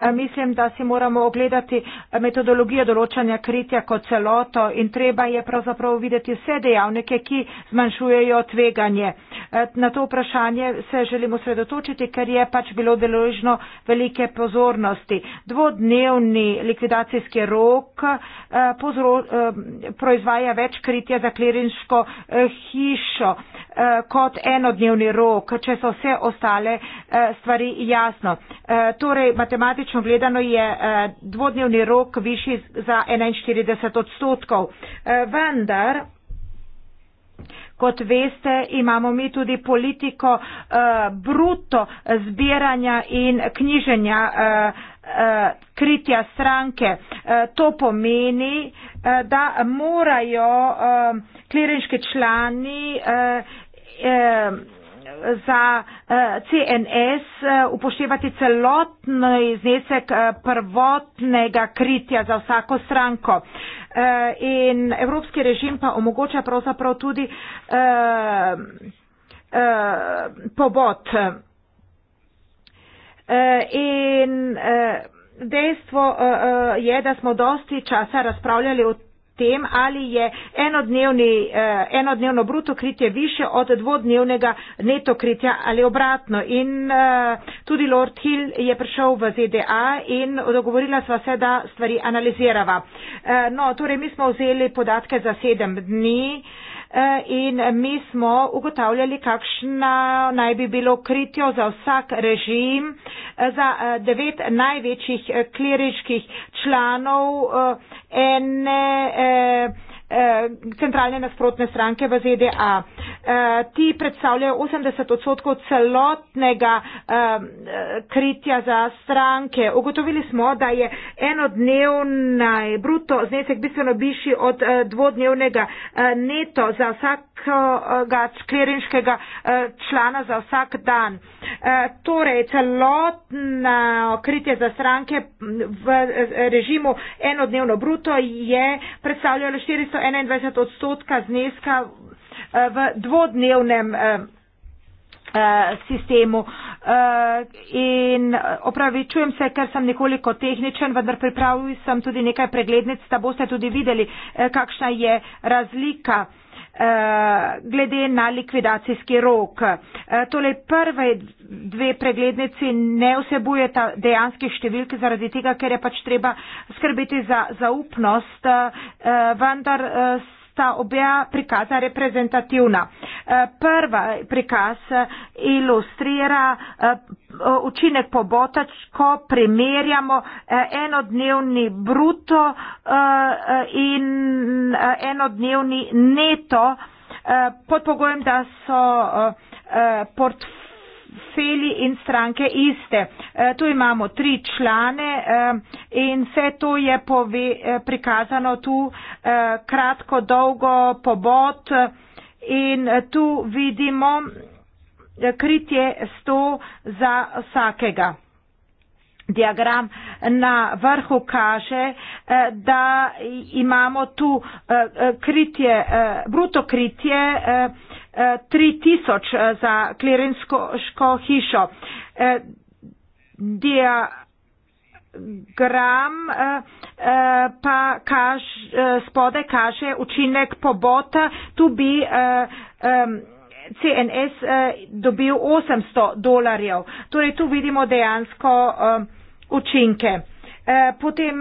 Mislim, da si moramo ogledati metodologijo določanja kritja kot celoto in treba je pravzaprav videti vse dejavnike, ki zmanjšujejo tveganje. E, na to vprašanje se želimo sredotočiti, ker je pač bilo deložno velike pozornosti. Dvodnevni likvidacijski rok e, pozro, e, proizvaja več kritja za klirinško hišo kot enodnevni rok, če so vse ostale stvari jasno. Torej, povprečno gledano je eh, dvodnevni rok višji za 41 odstotkov. Eh, vendar, kot veste, imamo mi tudi politiko eh, bruto zbiranja in knjiženja kritja stranke. To pomeni, da morajo klirinški člani za eh, CNS eh, upoštevati celotni iznesek eh, prvotnega kritja za vsako stranko. In evropski režim pa omogoča pravzaprav tudi pobot. In dejstvo je, da smo dosti časa razpravljali o tem, ali je enodnevni, eh, enodnevno bruto kritje više od dvodnevnega neto kritja ali obratno. In eh, tudi Lord Hill je prišel v ZDA in dogovorila sva se, da stvari analizirava. Eh, no, torej mi smo vzeli podatke za sedem dni. Eh, in mi smo ugotavljali, kakšna naj bi bilo kritjo za vsak režim, eh, za eh, devet največjih kliričkih članov ene. Eh, Eh, centralne nasprotne stranke v ZDA. Eh, ti predstavljajo 80 odstotkov celotnega eh, kritja za stranke. Ugotovili smo, da je enodnevna bruto znesek bistveno višji od dvodnevnega neto za vsakega skleriškega člana za vsak dan. Torej, celotna kritje za stranke v režimu enodnevno bruto je predstavljalo 400 21 odstotka zneska eh, v dvodnevnem eh, eh, sistemu. In opravičujem se, ker sem nekoliko tehničen, vendar pripravil sem tudi nekaj preglednic, da boste tudi videli, kakšna je razlika. Eh, glede na likvidacijski rok. Eh, Tole prve dve preglednici ne vsebujeta dejanskih številk zaradi tega, ker je pač treba skrbeti za zaupnost, eh, vendar sta obja prikaza reprezentativna. Eh, prva prikaz eh, ilustrira eh, učinek pobota, ko primerjamo enodnevni bruto in enodnevni neto pod pogojem, da so portfelji Feli in stranke iste. E, tu imamo tri člane e, in vse to je pove, e, prikazano tu kratko, dolgo, pobot in tu vidimo kritje sto za vsakega. Diagram na vrhu kaže, da imamo tu kritje, bruto kritje 3000 eh, za klerensko hišo. Eh, diagram eh, pa kaž, spode kaže učinek pobota. Tu bi CNS dobil 800 dolarjev. Torej tu vidimo dejansko učinke. Potem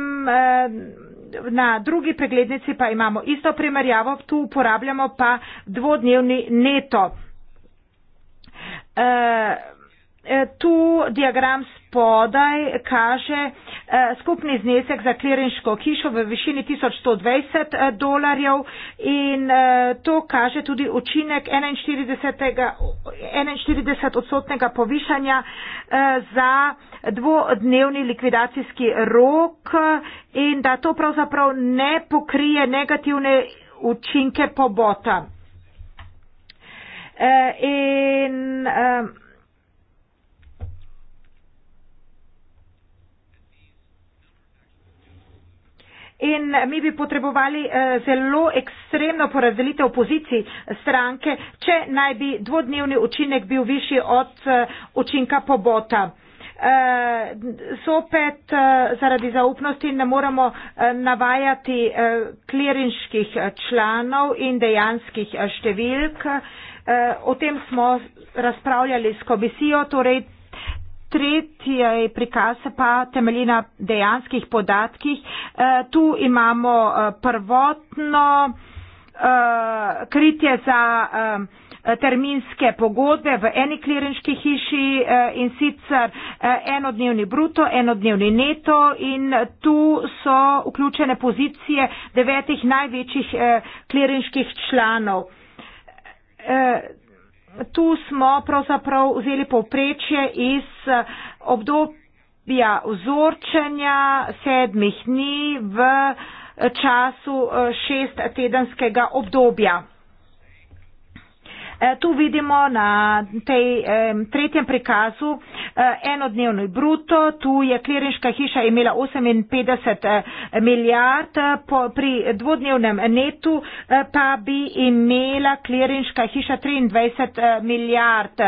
na drugi preglednici pa imamo isto primerjavo, tu uporabljamo pa dvodnevni neto. Uh, E, tu diagram spodaj kaže e, skupni znesek za klirinško hišo v višini 1120 e, dolarjev in to kaže tudi učinek 41 odstotnega povišanja za dvodnevni likvidacijski rok in da to pravzaprav ne pokrije negativne učinke pobota. In, In mi bi potrebovali eh, zelo ekstremno porazdelitev pozicij stranke, če naj bi dvodnevni učinek bil višji od eh, učinka pobota. Eh, sopet eh, zaradi zaupnosti ne moremo eh, navajati eh, kliriških eh, članov in dejanskih eh, številk. Eh, o tem smo razpravljali s komisijo, torej Tretji prikaz pa temelji na dejanskih podatkih. E, tu imamo e, prvotno e, kritje za e, terminske pogodbe v eni klirinški hiši e, in sicer e, enodnevni bruto, enodnevni neto in tu so vključene pozicije devetih največjih e, klirinških članov. E, tu smo pravzaprav vzeli povprečje iz eh, obdobja vzorčenja sedmih dni v eh, času eh, šest tedenskega obdobja. E, tu vidimo na tej tretjem prikazu e, enodnevno bruto, tu je klirinška hiša imela 58 e, milijard, pri dvodnevnem netu pa bi imela klirinška hiša 23 milijard.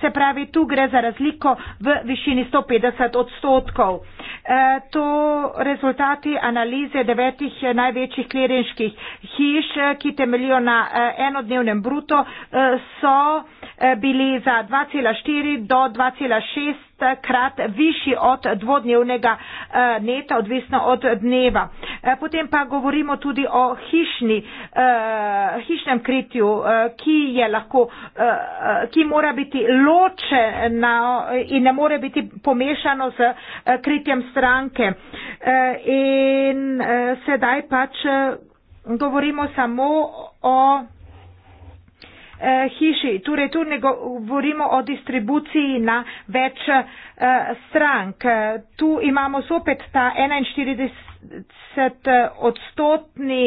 Se pravi, tu gre za razliko v višini 150 odstotkov. E, to rezultati analize devetih največjih klerinških hiš, ki temeljijo na e, enodnevnem bruto, e, so e, bili za 2,4 do 2,6 šestkrat višji od dvodnevnega eh, neta, odvisno od dneva. Eh, potem pa govorimo tudi o hišni, eh, hišnem kritju, ki je lahko, ki mora biti ločeno in ne more biti pomešano z kritjem stranke. In sedaj pač govorimo samo o Eh, hiši. Torej, tu ne govorimo o distribuciji na več eh, strank. Tu imamo spet ta 41 eh, odstotni.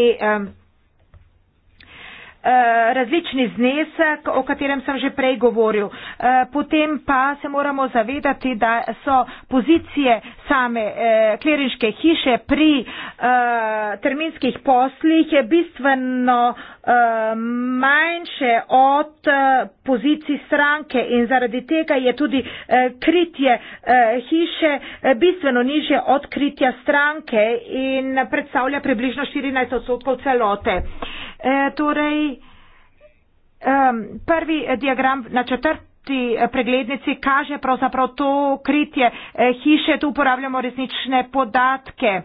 Eh, različni znesek, o katerem sem že prej govoril. Eh, potem pa se moramo zavedati, da so pozicije same eh, kleriške hiše pri terminskih poslih bistveno manjše od pozicij stranke in zaradi tega je tudi kritje hiše bistveno niže od kritja stranke in predstavlja približno 14 odstotkov celote. E, torej, prvi diagram na četrti e, preglednici kaže pravzaprav to kritje e, hiše, tu uporabljamo resnične podatke.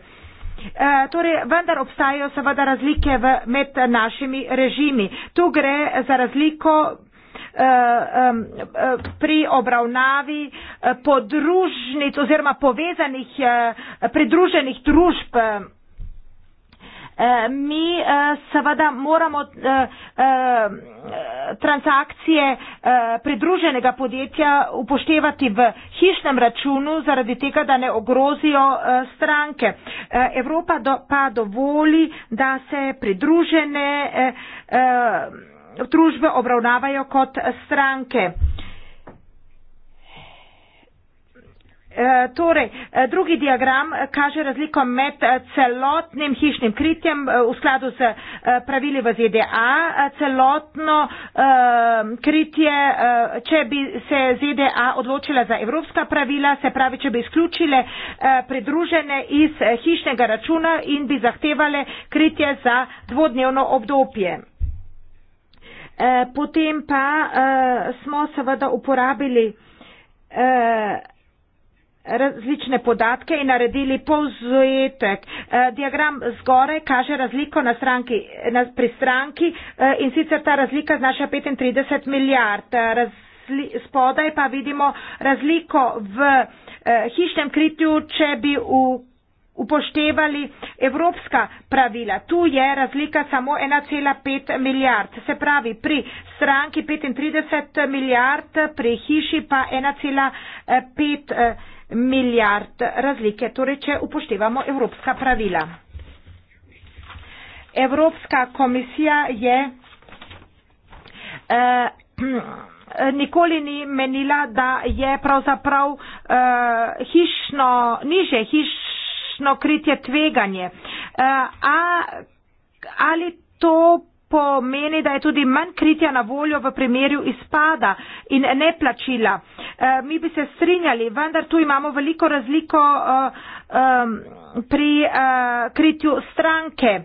Torej, vendar obstajajo seveda razlike v, med našimi režimi. Tu gre za razliko pri obravnavi podružnic oziroma povezanih, pridruženih družb Eh, mi eh, seveda moramo eh, transakcije pridruženega podjetja upoštevati v hišnem računu, zaradi tega, da ne ogrozijo stranke. Evropa do, pa dovoli, da se pridružene družbe obravnavajo kot stranke. Eh, torej, eh, drugi diagram eh, kaže razliko med celotnim hišnim kritjem v skladu z pravili v ZDA. Celotno kritje, če bi se ZDA odločila za evropska pravila, se pravi, če bi izključile pridružene iz hišnega računa in bi zahtevale kritje za dvodnevno obdobje. Potem pa uh, smo seveda uporabili uh, različne podatke in naredili povzetek. Eh, diagram zgore kaže razliko na stranki, na, pri stranki eh, in sicer ta razlika znaša 35 milijard. Eh, razli, spodaj pa vidimo razliko v hišnem kritju, če bi v upoštevali evropska pravila. Tu je razlika samo 1,5 milijard. Se pravi, pri stranki 35 milijard, pri hiši pa 1,5 milijard milijard razlike, torej če upoštevamo evropska pravila. Evropska komisija je eh, nikoli ni menila, da je pravzaprav eh, hišno, niže hišno kritje tveganje. Eh, a, ali to pomeni, da je tudi manj kritja na voljo v primerju izpada in neplačila. Eh, mi bi se strinjali, vendar tu imamo veliko razliko eh, pri eh, kritju stranke.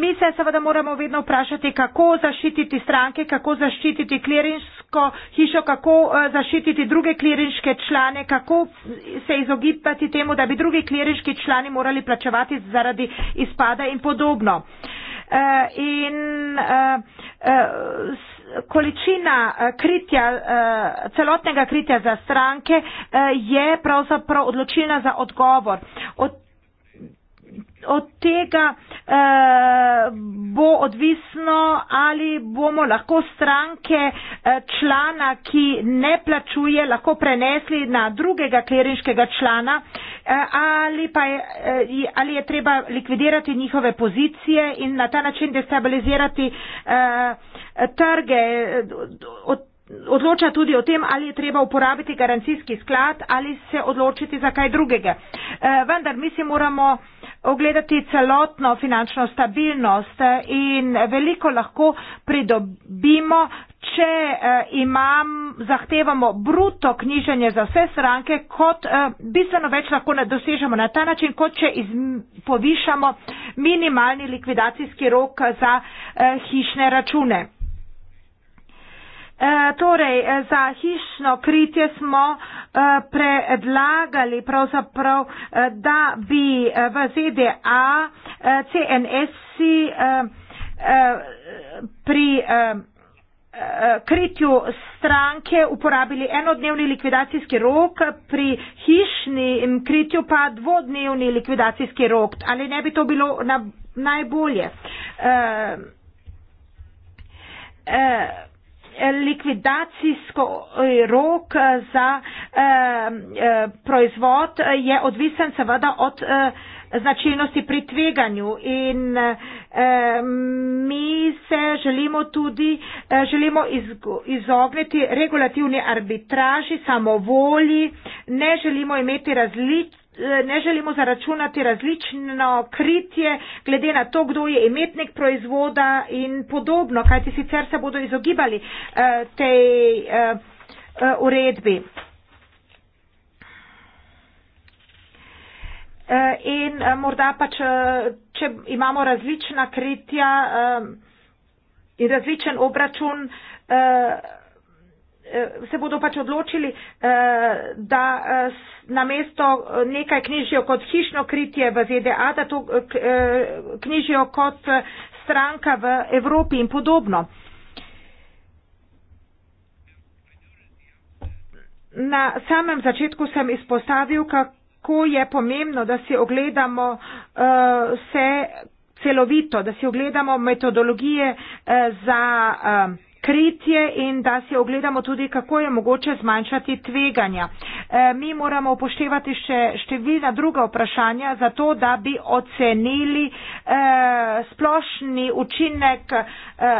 Mi se seveda moramo vedno vprašati, kako zaščititi stranke, kako zaščititi klerinsko hišo, kako zaščititi druge kleriške člane, kako se izogibati temu, da bi drugi kleriški člani morali plačevati zaradi izpada in podobno. Uh, uh, in uh, uh, količina kritja, uh, celotnega kritja za stranke uh, je pravzaprav odločilna za odgovor. Od od tega eh, bo odvisno, ali bomo lahko stranke eh, člana, ki ne plačuje, lahko prenesli na drugega kleriškega člana, eh, ali pa je, ali je treba likvidirati njihove pozicije in na ta način destabilizirati trge. Od odloča tudi o tem, ali je treba uporabiti garancijski sklad ali se odločiti za kaj drugega. E, vendar mi si moramo ogledati celotno finančno stabilnost e, in veliko lahko pridobimo, če e, imam, zahtevamo bruto knjiženje za vse stranke, kot bistveno več lahko dosežemo na ta način, kot če iz, povišamo minimalni likvidacijski rok za hišne račune. E, torej, e, za hišno kritje smo e, predlagali pravzaprav, da bi v ZDA CNS-i pri kritju stranke uporabili enodnevni likvidacijski rok, pri hišnem kritju pa dvodnevni likvidacijski rok. Ali ne bi to bilo na, najbolje? Uh, uh, Eh, likvidacijsko eh, rok eh, za proizvod je odvisen seveda od značilnosti pri tveganju in mi se želimo tudi želimo izogniti regulativni arbitraži, samovolji, ne želimo imeti različnih ne želimo zaračunati različno kritje, glede na to, kdo je imetnik proizvoda in podobno, kajti sicer se bodo izogibali eh, tej eh, eh uredbi. Eh, in eh, morda pa, če, če imamo različna kritja eh, in različen obračun, eh, Eh, se bodo pač odločili, eh, da eh, na mesto nekaj knjižijo kot hišno kritje v ZDA, da to knjižijo kot stranka v Evropi in podobno. Na samem začetku sem izpostavil, kako je pomembno, da si ogledamo vse celovito, da si ogledamo metodologije za kritje in da si ogledamo tudi, kako je mogoče zmanjšati tveganja. E, mi moramo upoštevati še številna druga vprašanja za to, da bi ocenili e, splošni učinek. E,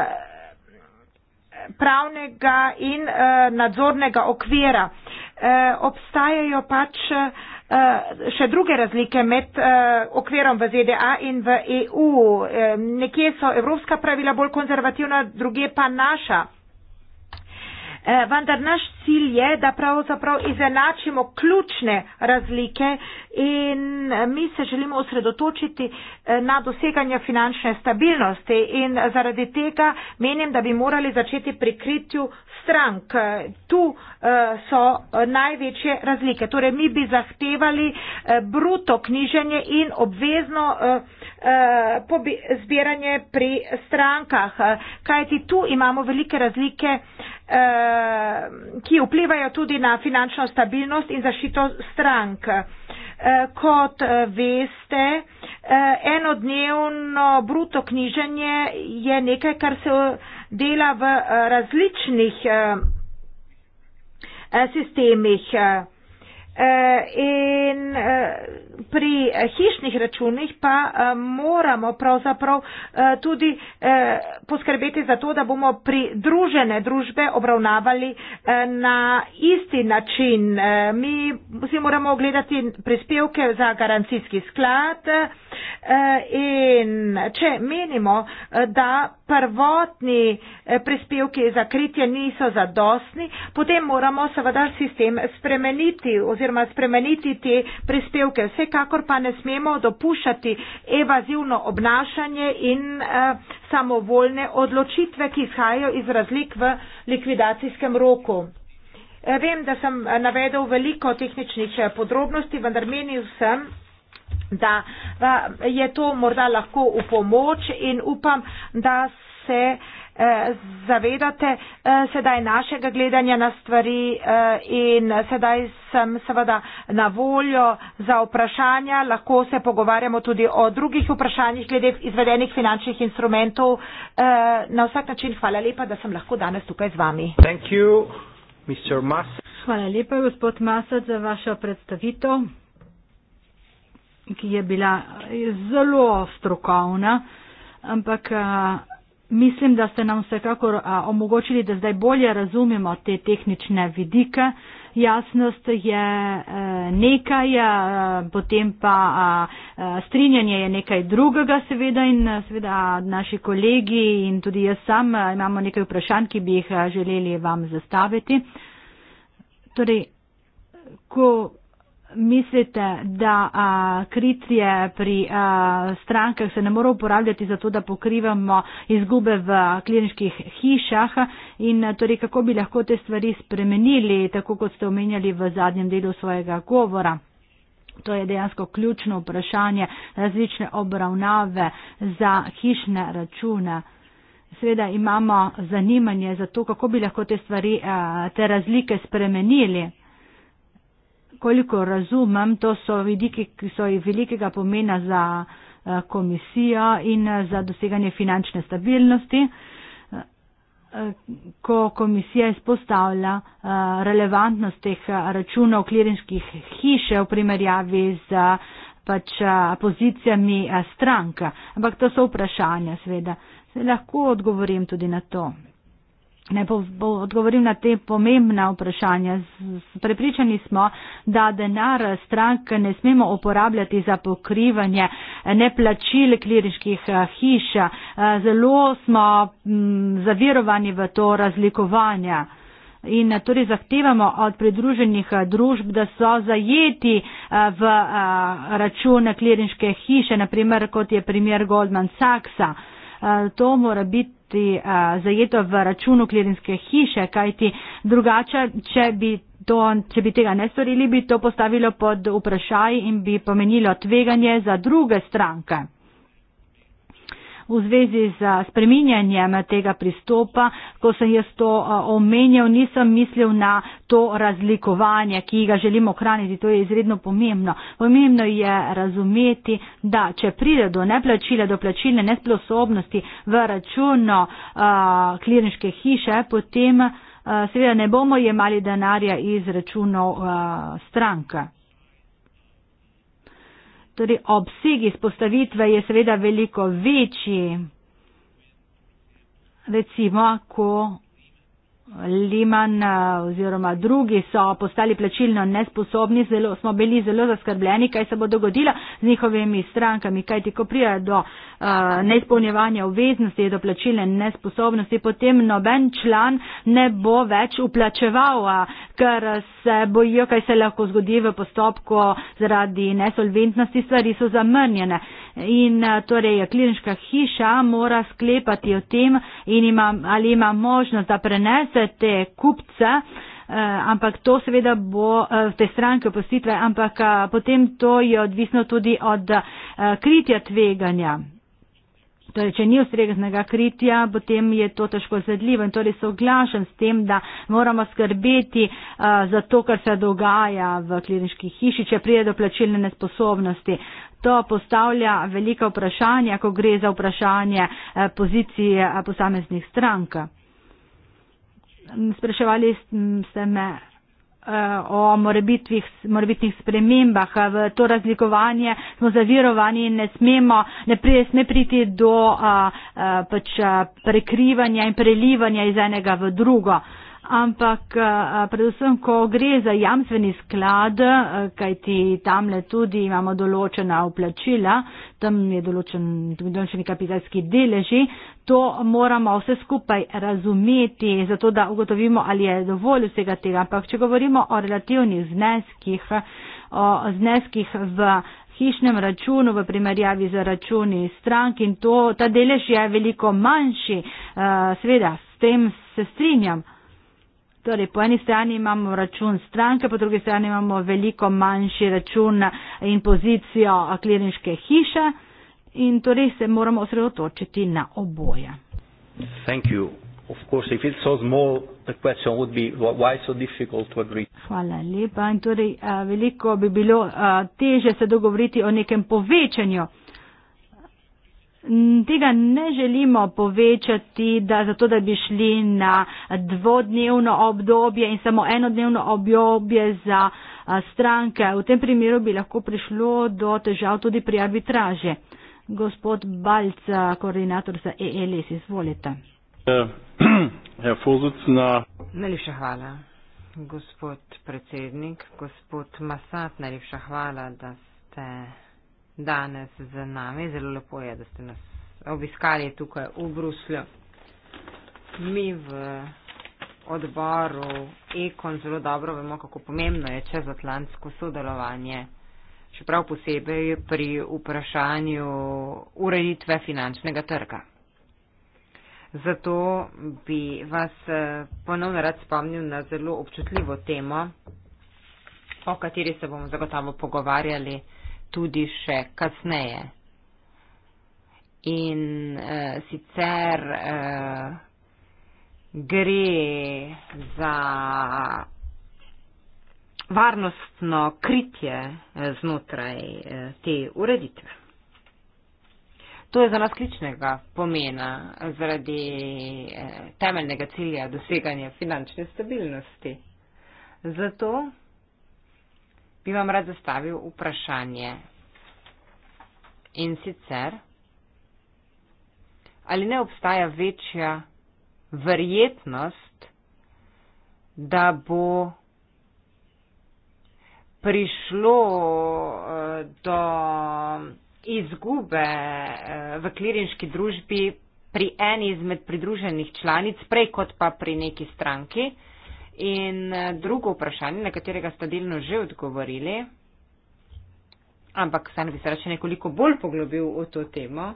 pravnega in e, nadzornega okvira. E, obstajajo pač e, Eh, še druge razlike med eh, okvirom v ZDA in v EU. Eh, nekje so evropska pravila bolj konzervativna, druge pa naša. Vendar naš cilj je, da pravzaprav izenačimo ključne razlike in mi se želimo osredotočiti na doseganje finančne stabilnosti in zaradi tega menim, da bi morali začeti pri kritju strank. Tu eh, so eh, največje razlike. Torej, mi bi zahtevali eh, bruto knjiženje in obvezno zbiranje pri strankah, kajti tu imamo velike razlike, ki vplivajo tudi na finančno stabilnost in zaščito strank. Kot veste, enodnevno bruto knjiženje je nekaj, kar se dela v eh, različnih eh, eh, sistemih. In pri hišnih računih pa moramo pravzaprav tudi poskrbeti za to, da bomo pri družene družbe obravnavali na isti način. Mi si moramo ogledati prispevke za garancijski sklad in če menimo, da prvotni eh, prispevki za kritje niso zadostni, potem moramo seveda sistem spremeniti oziroma spremeniti te prispevke. Vsekakor pa ne smemo dopuščati evazivno obnašanje in eh, samovoljne odločitve, ki izhajajo iz razlik v likvidacijskem roku. Eh, vem, da sem eh, navedel veliko tehničnih podrobnosti, vendar menil sem, da, da je to morda lahko v pomoč in upam, da se eh, zavedate eh, sedaj našega gledanja na stvari eh, in sedaj sem seveda na voljo za vprašanja. Lahko se pogovarjamo tudi o drugih vprašanjih glede izvedenih finančnih instrumentov. Na vsak način hvala lepa, da sem lahko danes tukaj z vami. Hvala lepa, gospod Masad, za vašo predstavitev ki je bila eh, zelo strokovna, ampak eh, mislim, da ste nam vsekakor eh, omogočili, da zdaj bolje razumemo te tehnične vidike. Jasnost je nekaj, potem pa strinjanje je nekaj drugega seveda in seveda naši kolegi in tudi jaz sam imamo nekaj vprašanj, ki bi jih želeli vam zastaviti. Torej, ko mislite, da a, kritje pri a, strankah se ne more uporabljati za to, da pokrivamo izgube v kliničkih hišah in torej kako bi lahko te stvari spremenili, tako kot ste omenjali v zadnjem delu svojega govora. To je dejansko ključno vprašanje različne obravnave za hišne račune. Sveda imamo zanimanje za to, kako bi lahko te stvari, te razlike spremenili koliko razumem, to so vidiki, ki so velikega pomena za eh, komisijo in eh, za doseganje finančne stabilnosti. Eh, ko komisija izpostavlja relevantnost teh računov klirinških hiše v primerjavi z pač pozicijami stranka. Ampak to so vprašanja, seveda. Se lahko odgovorim tudi na to. Ne bo, bo odgovoril na te pomembna vprašanja. Prepričani smo, da denar strank ne smemo uporabljati za pokrivanje neplačil kliriških eh, hiš. Eh, zelo smo m, mm, zavirovani v to razlikovanje. In eh, torej zahtevamo od pridruženih družb, da so zajeti v račune kliriške hiše, naprimer kot je primer Goldman Sachsa. To mora biti biti uh, zajeto v računu klirinske hiše, kajti drugače, če bi, to, če bi tega ne storili, bi to postavilo pod vprašaj in bi pomenilo tveganje za druge stranke v zvezi z eh, spreminjanjem eh, tega pristopa, ko sem jaz to eh, omenjal, nisem mislil na to razlikovanje, ki ga želimo ohraniti. To je izredno pomembno. Pomembno je razumeti, da če pride do neplačila, do plačilne nesposobnosti v računo klirniške hiše, potem. Seveda ne bomo jemali denarja iz računov uh, stranka. Torej, obseg izpostavitve je seveda veliko večji, recimo, ko Liman eh, oziroma drugi so postali plačilno nesposobni, zelo, smo bili zelo zaskrbljeni, kaj se bo dogodilo z njihovimi strankami, kaj ti ko prija do uh, neizpolnjevanja obveznosti, do plačilne nesposobnosti, potem noben član ne bo več uplačeval, eh, ker se bojijo, kaj se lahko zgodi v postopku zaradi nesolventnosti, stvari so zamrnjene. In torej kliniška hiša mora sklepati o tem ima, ali ima možnost, da prenese oprostite kupca, eh, ampak to seveda bo eh, te stranke oprostitve, ampak eh, potem to je odvisno tudi od kritja tveganja. Torej, če ni ustreznega kritja, potem je to težko zadljivo in torej soglašam s tem, da moramo skrbeti uh, za to, kar se dogaja v klinički hiši, če prije do plačilne nesposobnosti. To postavlja velika vprašanja, ko gre za vprašanje uh, pozicije uh, posameznih strank spraševali ste me eh, o morebitnih spremembah v to razlikovanje, smo zavirovani in ne smemo, ne, pri, ne priti do a, eh, a, eh, pač a, prekrivanja in prelivanja iz enega v drugo. A, ampak eh, predvsem, ko gre za jamstveni sklad, eh, kajti tamle tudi imamo določena uplačila, tam je določen, tudi določeni kapitalski deleži, to moramo vse skupaj razumeti, zato da ugotovimo, ali je dovolj vsega tega. Ampak če govorimo o relativnih zneskih, o zneskih v hišnem računu v primerjavi z računi strank in to, ta delež je veliko manjši, eh, seveda, s tem se strinjam, Torej, po eni strani imamo račun stranke, po drugi strani imamo veliko manjši račun in pozicijo klirinške hiše in torej se moramo osredotočiti na oboje. Hvala lepa. In torej, eh, veliko bi bilo eh, teže se dogovoriti o nekem povečanju tega ne želimo povečati, da zato, da bi šli na dvodnevno obdobje in samo enodnevno obdobje za stranke. V tem primeru bi lahko prišlo do težav tudi pri arbitraže. Gospod Balc, koordinator za ELS, e izvolite. Ja, ja, najlepša hvala, gospod predsednik. Gospod Masat, najlepša hvala, da ste danes z nami. Zelo lepo je, da ste nas obiskali tukaj v Bruslju. Mi v odboru Ekon zelo dobro vemo, kako pomembno je čezatlantsko sodelovanje, čeprav posebej pri vprašanju ureditve finančnega trga. Zato bi vas eh, ponovno rad spomnil na zelo občutljivo temo, o kateri se bomo zagotovo pogovarjali tudi še kasneje. In uh, sicer uh, gre za varnostno kritje eh, znotraj te ureditve. To je za nas ključnega pomena zaradi temeljnega cilja doseganja finančne stabilnosti. Zato bi vam rad zastavil vprašanje. In sicer, ali ne obstaja večja verjetnost, da bo prišlo eh, do izgube eh, v klirinški družbi pri eni izmed pridruženih članic, prej kot pa pri neki stranki, In eh, drugo vprašanje, na katerega ste delno že odgovorili, ampak sam bi se rače nekoliko bolj poglobil v to temo.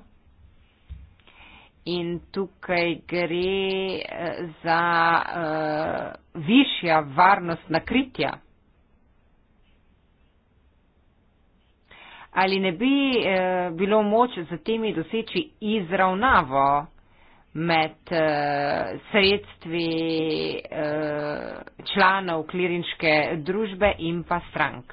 In tukaj gre eh, za uh, višja varnost nakritja. Ali ne bi uh, bilo moč za temi doseči izravnavo? med uh, sredstvi uh, članov klirinške družbe in pa strank.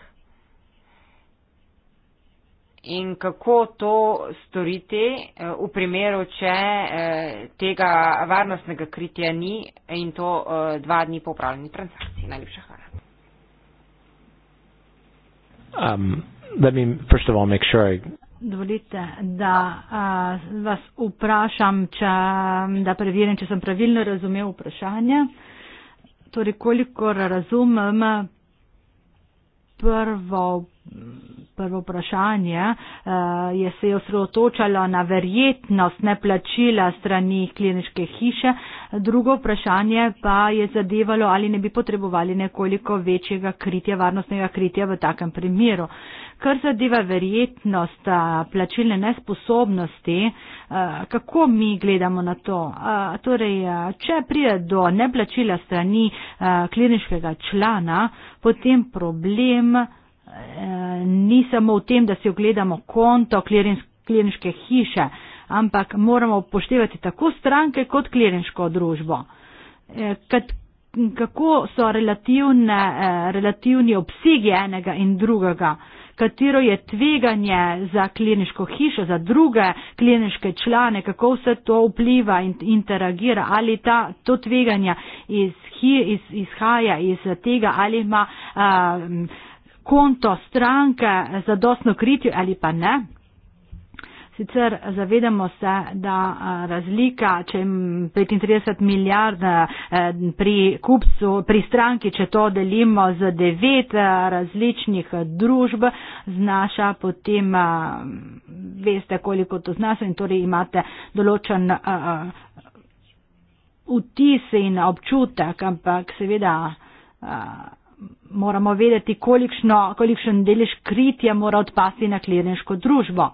In kako to storiti uh, v primeru, če uh, tega varnostnega kritja ni in to uh, dva dni po upravljeni transakciji. Najlepša hvala. Um, let me first of all make sure I Dovolite, da a, vas vprašam, če, da preverim, če sem pravilno razumel vprašanje. Torej, kolikor razumem prvo prvo vprašanje eh, je se je osredotočalo na verjetnost neplačila strani kliniške hiše, drugo vprašanje pa je zadevalo, ali ne bi potrebovali nekoliko večjega kritja, varnostnega kritja v takem primeru. Kar zadeva verjetnost eh, plačilne nesposobnosti, eh, kako mi gledamo na to? Torej, če prije do neplačila strani kliniškega člana, potem problem ni samo v tem, da si ogledamo konto klirinške hiše, ampak moramo upoštevati tako stranke kot klirinško družbo. E, kako so relativne, e, relativni obsegi enega in drugega, katero je tveganje za klirinško hišo, za druge klirinške člane, kako vse to vpliva in interagira, ali ta, to tveganje iz, iz, izhaja iz tega, ali ima. Uh, konto stranke za dostno kritje ali pa ne. Sicer zavedamo se, da razlika, če je 35 milijard pri kupcu, pri stranki, če to delimo z devet različnih družb, znaša potem, veste, koliko to znaša in torej imate določen vtis in občutek, ampak seveda moramo vedeti, kolikšno, kolikšen delež kritja mora odpasti na klirniško družbo.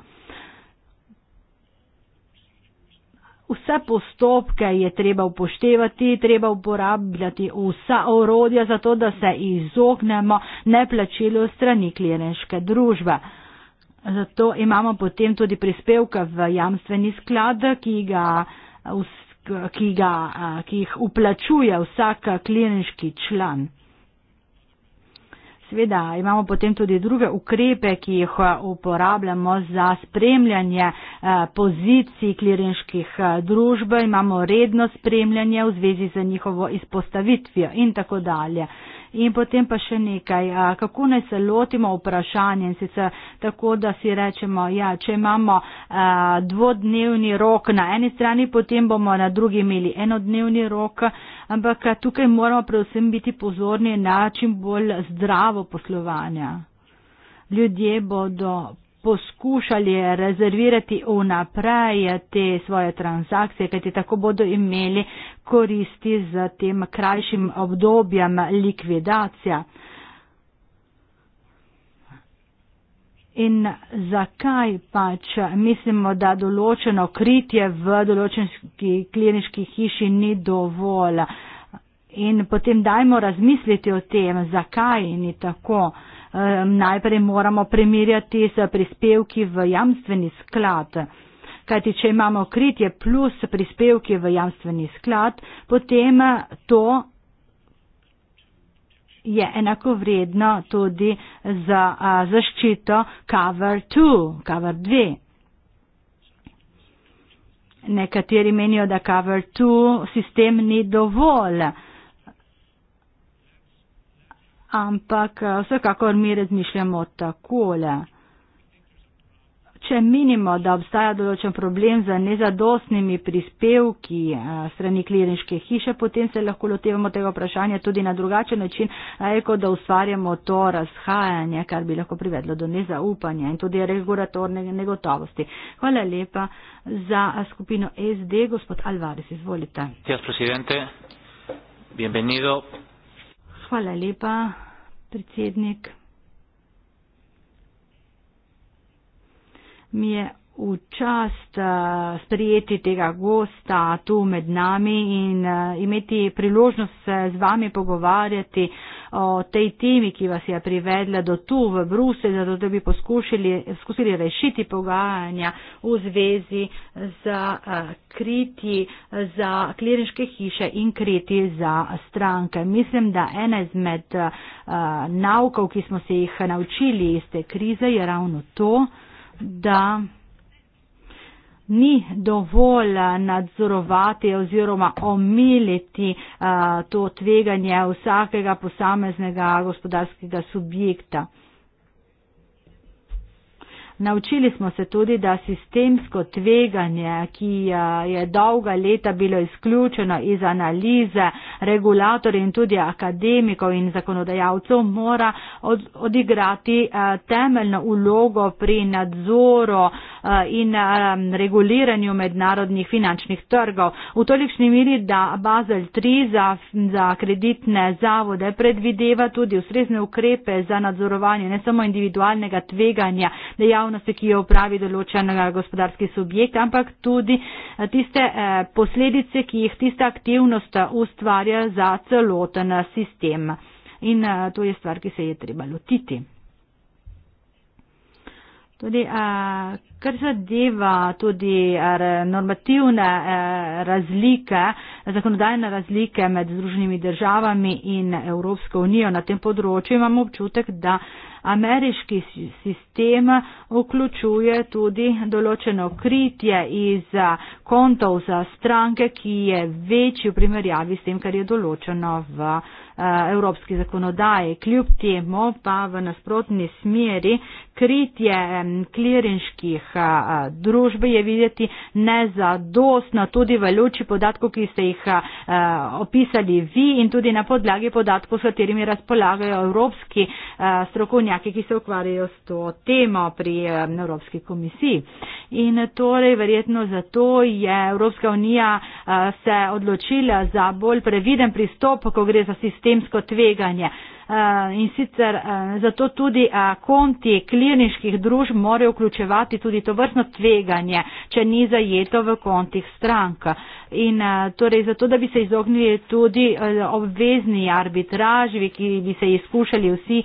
Vse postopke je treba upoštevati, treba uporabljati vsa orodja za to, da se izognemo neplačilu strani klirniške družbe. Zato imamo potem tudi prispevke v jamstveni sklad, ki ga. Ki, ga, ki jih uplačuje vsak klirniški član seveda imamo potem tudi druge ukrepe, ki jih eh, uporabljamo za spremljanje eh, pozicij klirinških eh, družb, imamo redno spremljanje v zvezi z njihovo izpostavitvijo in tako dalje. In potem pa še nekaj, kako naj se lotimo vprašanja in sicer tako, da si rečemo, ja, če imamo dvodnevni rok na eni strani, potem bomo na drugi imeli enodnevni rok, ampak tukaj moramo predvsem biti pozorni na čim bolj zdravo poslovanje. Ljudje bodo poskušali rezervirati vnaprej te svoje transakcije, kajti tako bodo imeli koristi z tem krajšim obdobjem likvidacija. In zakaj pač mislimo, da določeno kritje v določenski klinički hiši ni dovolj? In potem dajmo razmisliti o tem, zakaj ni tako. Ehm, najprej moramo primerjati z prispevki v jamstveni sklad. Kajti, če imamo kritje plus prispevki v jamstveni sklad, potem eh, to je enako vredno tudi za a, eh, zaščito cover 2, cover 2. Nekateri menijo, da cover 2 sistem ni dovolj. A, ampak eh, vsekakor mi razmišljamo takole. Če menimo, da obstaja določen problem za nezadostnimi prispevki eh, strani klirinške hiše, potem se lahko lotevamo tega vprašanja tudi na drugačen način, kot da ustvarjamo to razhajanje, kar bi lahko privedlo do nezaupanja in tudi regulatorne negotovosti. Hvala lepa za skupino SD. Gospod Alvarez, izvolite. Gospod predsednik, dobrodošli. Hvala lepa, predsednik. Mi je v čast eh, sprijeti tega gosta tu med nami in eh, imeti priložnost se z vami pogovarjati o tej temi, ki vas je privedla do tu v Bruse, zato da bi poskušali, poskušali rešiti pogajanja v zvezi z eh, kriti za kliniške hiše in kriti za stranke. Mislim, da ena izmed naukov, ki smo se jih naučili iz te krize, je ravno to, da ni dovolj nadzorovati oziroma omiliti uh, to tveganje vsakega posameznega gospodarskega subjekta. Naučili smo se tudi, da sistemsko tveganje, ki eh, je dolga leta bilo izključeno iz analize regulatorjev in tudi akademikov in zakonodajalcev, mora odigrati eh, temeljno ulogo pri nadzoru eh, in reguliranju mednarodnih finančnih trgov. V tolikšni miri, da Bazel 3 za, za kreditne zavode predvideva tudi ustrezne ukrepe za nadzorovanje ne samo individualnega tveganja, dejavnosti, dejavnosti, ki jo upravi določen eh, gospodarski subjekt, ampak tudi eh, tiste eh, posledice, ki jih tista aktivnost ustvarja za celoten sistem. In to je stvar, ki se je treba lotiti. Tudi, kar zadeva tudi normativne razlike, zakonodajne razlike med Združenimi državami in Evropsko unijo na tem področju, imamo občutek, da ameriški sistem vključuje tudi določeno kritje iz kontov za stranke, ki je večji v primerjavi s tem, kar je določeno v eh, evropski zakonodaji. Kljub temu pa v nasprotni smeri kritje klirinških družb je videti nezadostno tudi v luči podatkov, ki ste jih opisali vi in tudi na podlagi podatkov, s katerimi razpolagajo evropski strokovnjaki, ki se ukvarjajo s to temo pri Evropski komisiji. In torej verjetno zato je Evropska unija se odločila za bolj previden pristop, ko gre za sistemsko tveganje. Eh, in sicer eh, zato tudi eh, konti klirniških družb morajo vključevati tudi to vrstno tveganje, če ni zajeto v kontih stranka. In torej zato, da bi se izognili tudi obvezni arbitraži, ki bi se jih skušali vsi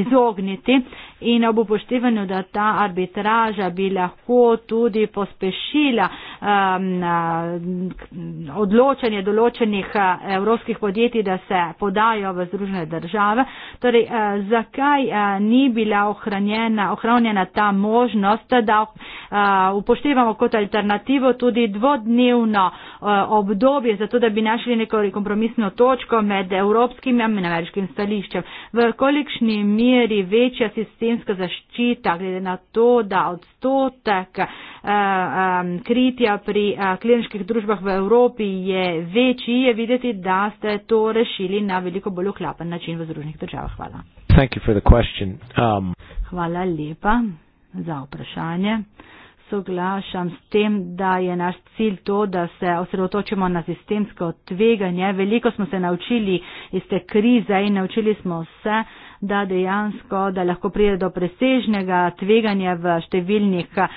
izogniti in ob upoštevanju, da ta arbitraža bi lahko tudi pospešila um, uh, odločanje določenih uh, evropskih podjetij, da se podajo v združene države. Torej, uh, zakaj uh, ni bila ohranjena ta možnost, da uh, upoštevamo kot alternativo tudi dvodnevno uh, obdobje, zato da bi našli neko kompromisno točko med evropskim in ameriškim stališčem. V kolikšni meri večja sistem rastlinska zaščita, glede na to, da odstotek eh, kritja pri eh, klinških družbah v Evropi je večji, je videti, da ste to rešili na veliko bolj uklapen način v Združenih državah. Hvala. Um... Hvala lepa za vprašanje. Soglašam s tem, da je naš cilj to, da se osredotočimo na sistemsko tveganje. Veliko smo se naučili iz te krize in naučili smo se da dejansko, da lahko pride do presežnega tveganja v številnih eh,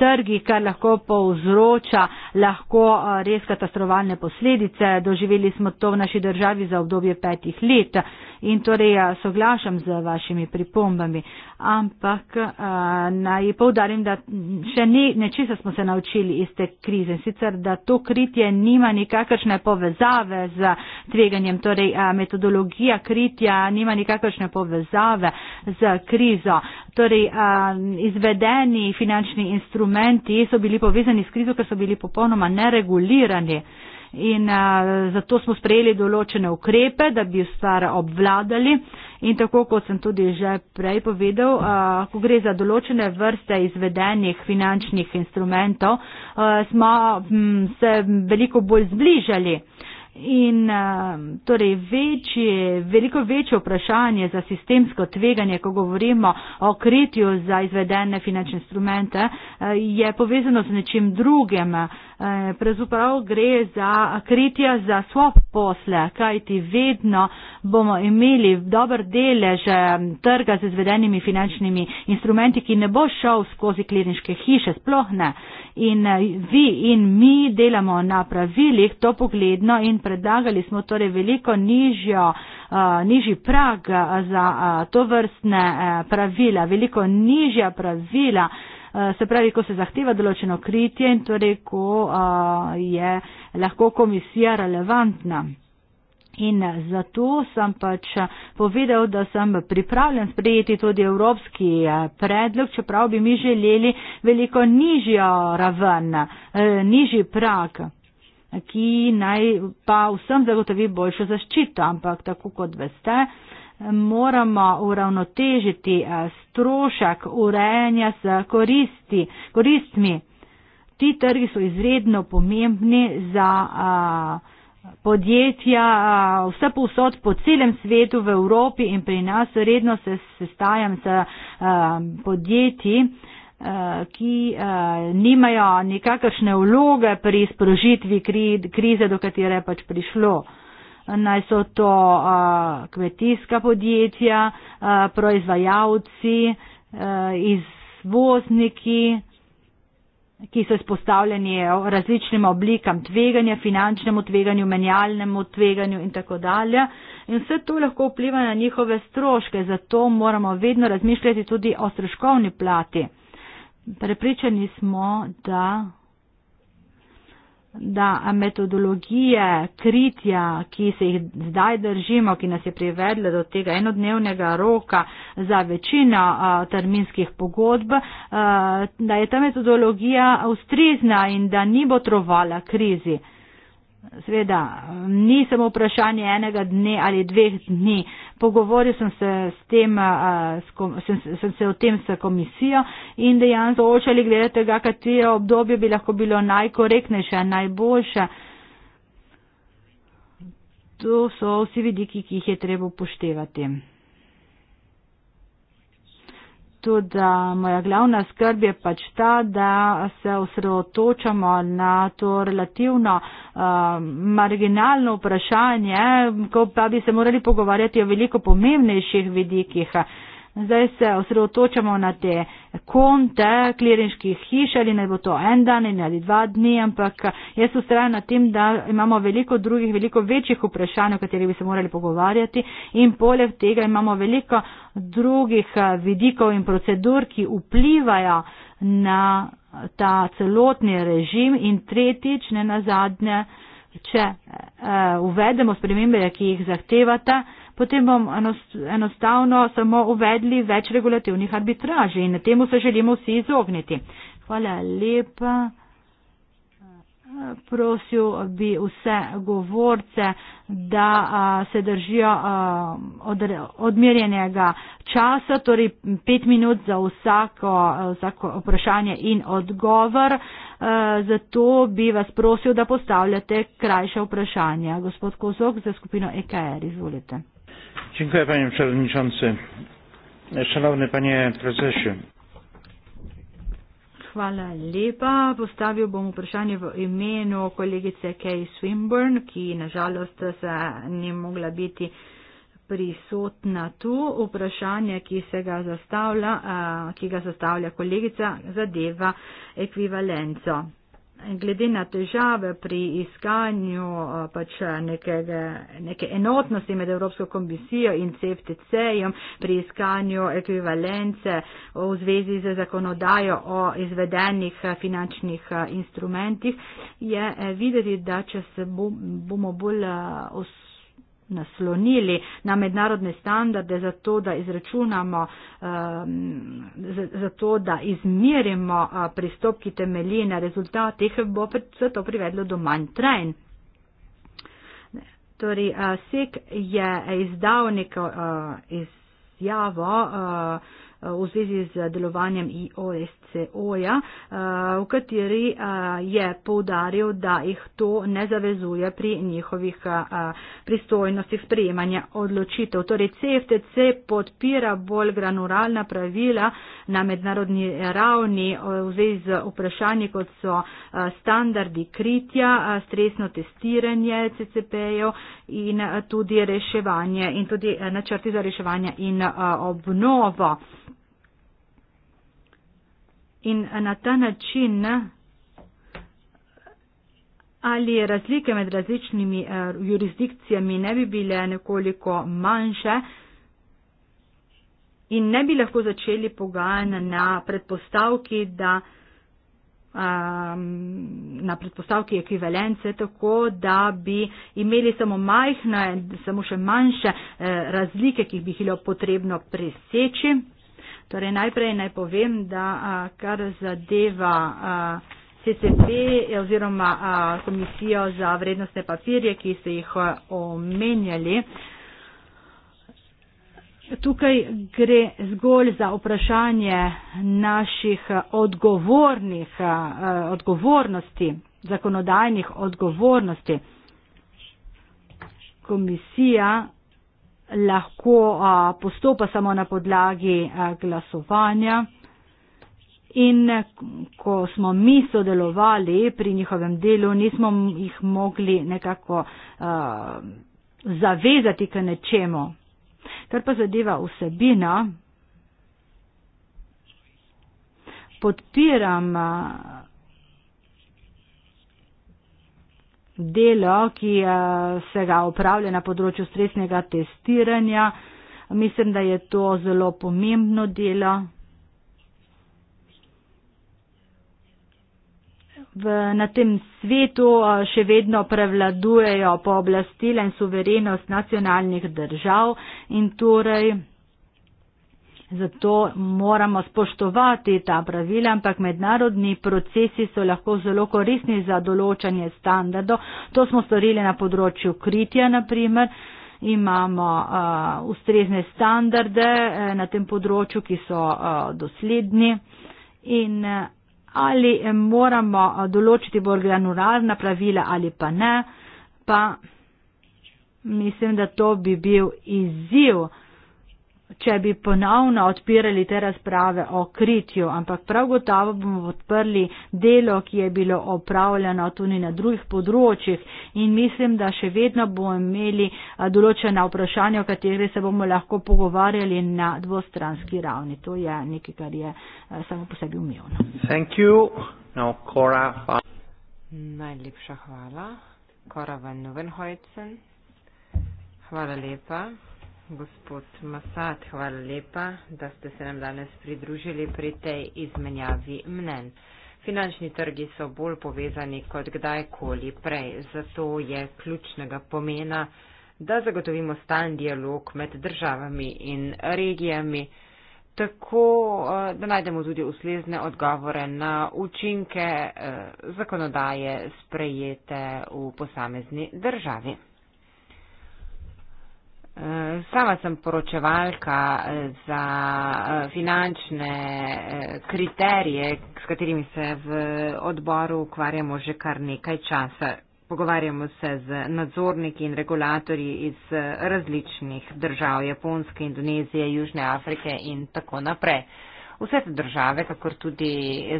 trgih, kar lahko povzroča lahko eh, res katastrofalne posledice. Doživeli smo to v naši državi za obdobje petih let in torej ja, soglašam z vašimi pripombami, ampak eh, naj povdarim, da še ni, nečisa smo se naučili iz te krize, sicer da to kritje nima nikakršne povezave z tveganjem, torej metodologija kritja nima nikakršne kakšne povezave z krizo. Torej, um, izvedeni finančni instrumenti so bili povezani s krizo, ker so bili popolnoma neregulirani. In a, uh, zato smo sprejeli določene ukrepe, da bi stvar obvladali. In tako, kot sem tudi že prej povedal, a, uh, ko gre za določene vrste izvedenih finančnih instrumentov, a, uh, smo m, mm, se veliko bolj zbližali. A, In um, torej večje, veliko večje vprašanje za sistemsko tveganje, ko govorimo o kritju za izvedene finančne instrumente, eh, je povezano z nečim drugim. Eh, pravzaprav gre za kritja za swap posle, kajti vedno bomo imeli dober delež eh, trga z izvedenimi finančnimi instrumenti, ki ne bo šel skozi klirniške hiše, sploh ne. In eh, vi in mi delamo na pravilih to pogledno in predlagali smo torej veliko nižjo, uh, nižji prag za uh, to vrstne uh, pravila, veliko nižja pravila. Eh, se pravi, ko se zahteva določeno kritje in torej, ko eh, je lahko komisija relevantna. In eh, zato sem pač povedal, da sem pripravljen sprejeti tudi evropski predlog, čeprav bi mi želeli veliko nižjo raven, nižji prak ki naj pa vsem zagotovi boljšo zaščito, ampak tako kot veste, moramo uravnotežiti eh, strošek urejanja s koristi, koristmi. Ti trgi so izredno pomembni za a, eh, podjetja, a, eh, vse povsod po celem svetu, v Evropi in pri nas. Redno se sestajam s podjetji, a, ki a, nimajo nikakršne vloge pri sprožitvi kri, krize, do katere je pač prišlo. A, naj so to a, kmetijska podjetja, a, proizvajalci, a, izvozniki, ki so izpostavljeni različnim oblikam tveganja, finančnemu tveganju, menjalnemu tveganju in tako dalje. In vse to lahko vpliva na njihove stroške, zato moramo vedno razmišljati tudi o stroškovni plati. Prepričani smo, da da metodologije kritja, ki se jih zdaj držimo, ki nas je privedle do tega enodnevnega roka za večino terminskih pogodb, da je ta metodologija ustrezna in da ni botrovala krizi. Zveda, ni samo vprašanje enega dne ali dveh dni. Pogovoril sem se, s tem, sem, sem se o tem s komisijo in dejansko očali glede tega, katero obdobje bi lahko bilo najkorektnejše, najboljše. To so vsi vidiki, ki jih je treba upoštevati zato, da moja glavna skrb je pač ta, da se osredotočamo na to relativno uh, marginalno vprašanje, ko pa bi se morali pogovarjati o veliko pomembnejših vidikih. Uh, Zdaj se osredotočamo na te konte klirinških hiš, ali ne bo to en dan ali dva dni, ampak jaz ustrajam na tem, da imamo veliko drugih, veliko večjih vprašanj, o katerih bi se morali pogovarjati in poleg tega imamo veliko drugih eh, vidikov in procedur, ki vplivajo na ta celotni režim in tretjič, ne nazadnje, če uh, uvedemo spremembe, ki jih zahtevate, potem bomo enostavno samo uvedli več regulativnih arbitraži in temu se želimo vsi izogniti. Hvala lepa. Prosil bi vse govorce, da a, se držijo a, od, odmerjenega časa, torej pet minut za vsako, vsako vprašanje in odgovor. A, zato bi vas prosil, da postavljate krajše vprašanje. Gospod Kozok za skupino EKR, izvolite panie przewodniczący szanowny panie prezesie Hvala lepa. Postavil bom vprašanje v imenu kolegice Kay Swinburne, ki nažalost se ni mogla biti prisotna tu. Vprašanje, ki, se ga eh, ki ga zastavlja kolegica, zadeva ekvivalenco glede na težave pri iskanju eh, pač nekega, neke enotnosti med Evropsko komisijo in CFTC-jem pri iskanju ekvivalence v zvezi z zakonodajo o izvedenih eh, finančnih eh, instrumentih, je videti, da če se bomo bolj osvobodili, naslonili na mednarodne standarde za to, da izračunamo, um, za to, da izmerimo uh, pristop, ki temelji na rezultatih, bo vse to privedlo do manj trajn. Torej, uh, SEK je izdal neko uh, izjavo, v zvezi z delovanjem IOSCO-ja, eh, v kateri eh, je povdaril, da jih to ne zavezuje pri njihovih eh, pristojnostih sprejemanja odločitev. Torej, CFTC podpira bolj granuralna pravila na mednarodni ravni v zvezi z vprašanji, kot so standardi kritja, stresno testiranje CCP-jev in tudi reševanje in tudi načrti za reševanje in obnovo in na ta način, ali razlike med različnimi eh, jurisdikcijami ne bi bile nekoliko manjše in ne bi lahko začeli pogajanj na predpostavki, da ehm, na predpostavki ekvivalence, tako da bi imeli samo majhne, samo še manjše eh, razlike, ki bi jih bilo potrebno preseči. Torej, najprej naj povem, da kar zadeva CCP oziroma Komisijo za vrednostne papirje, ki ste jih omenjali, tukaj gre zgolj za vprašanje naših odgovornih, odgovornosti, zakonodajnih odgovornosti. Komisija lahko a, postopa samo na podlagi a, glasovanja. In ko smo mi sodelovali pri njihovem delu, nismo jih mogli nekako a, zavezati k nečemu. Kar pa zadeva vsebina, podpiram. A, delo, ki eh, se ga upravlja na področju stresnega testiranja. Mislim, da je to zelo pomembno delo. V, na tem svetu eh, še vedno prevladujejo pooblastila in suverenost nacionalnih držav in torej. Zato moramo spoštovati ta pravila, ampak mednarodni procesi so lahko zelo korisni za določanje standardov. To smo storili na področju kritja, naprimer. Imamo uh, ustrezne standarde uh, na tem področju, ki so uh, dosledni. In uh, ali eh, moramo uh, določiti bolj granularna pravila ali pa ne, pa mislim, da to bi bil izziv če bi ponovno odpirali te razprave o kritju, ampak prav gotovo bomo odprli delo, ki je bilo opravljeno tudi na drugih področjih in mislim, da še vedno bomo imeli določena vprašanja, o katerih se bomo lahko pogovarjali na dvostranski ravni. To je nekaj, kar je samo po sebi umevno. No, Najlepša hvala. Kora van Novenhojcen. Hvala lepa. Gospod Masat, hvala lepa, da ste se nam danes pridružili pri tej izmenjavi mnen. Finančni trgi so bolj povezani kot kdajkoli prej, zato je ključnega pomena, da zagotovimo stan dialog med državami in regijami, tako eh, da najdemo tudi uslezne odgovore na učinke eh, zakonodaje sprejete v posamezni državi. Eh, sama sem poročevalka eh, za eh, finančne kriterije, s katerimi se v odboru ukvarjamo že kar nekaj časa. Pogovarjamo se z nadzorniki in regulatorji iz različnih držav, Japonske, Indonezije, Južne Afrike in tako naprej. Vse te države, kakor tudi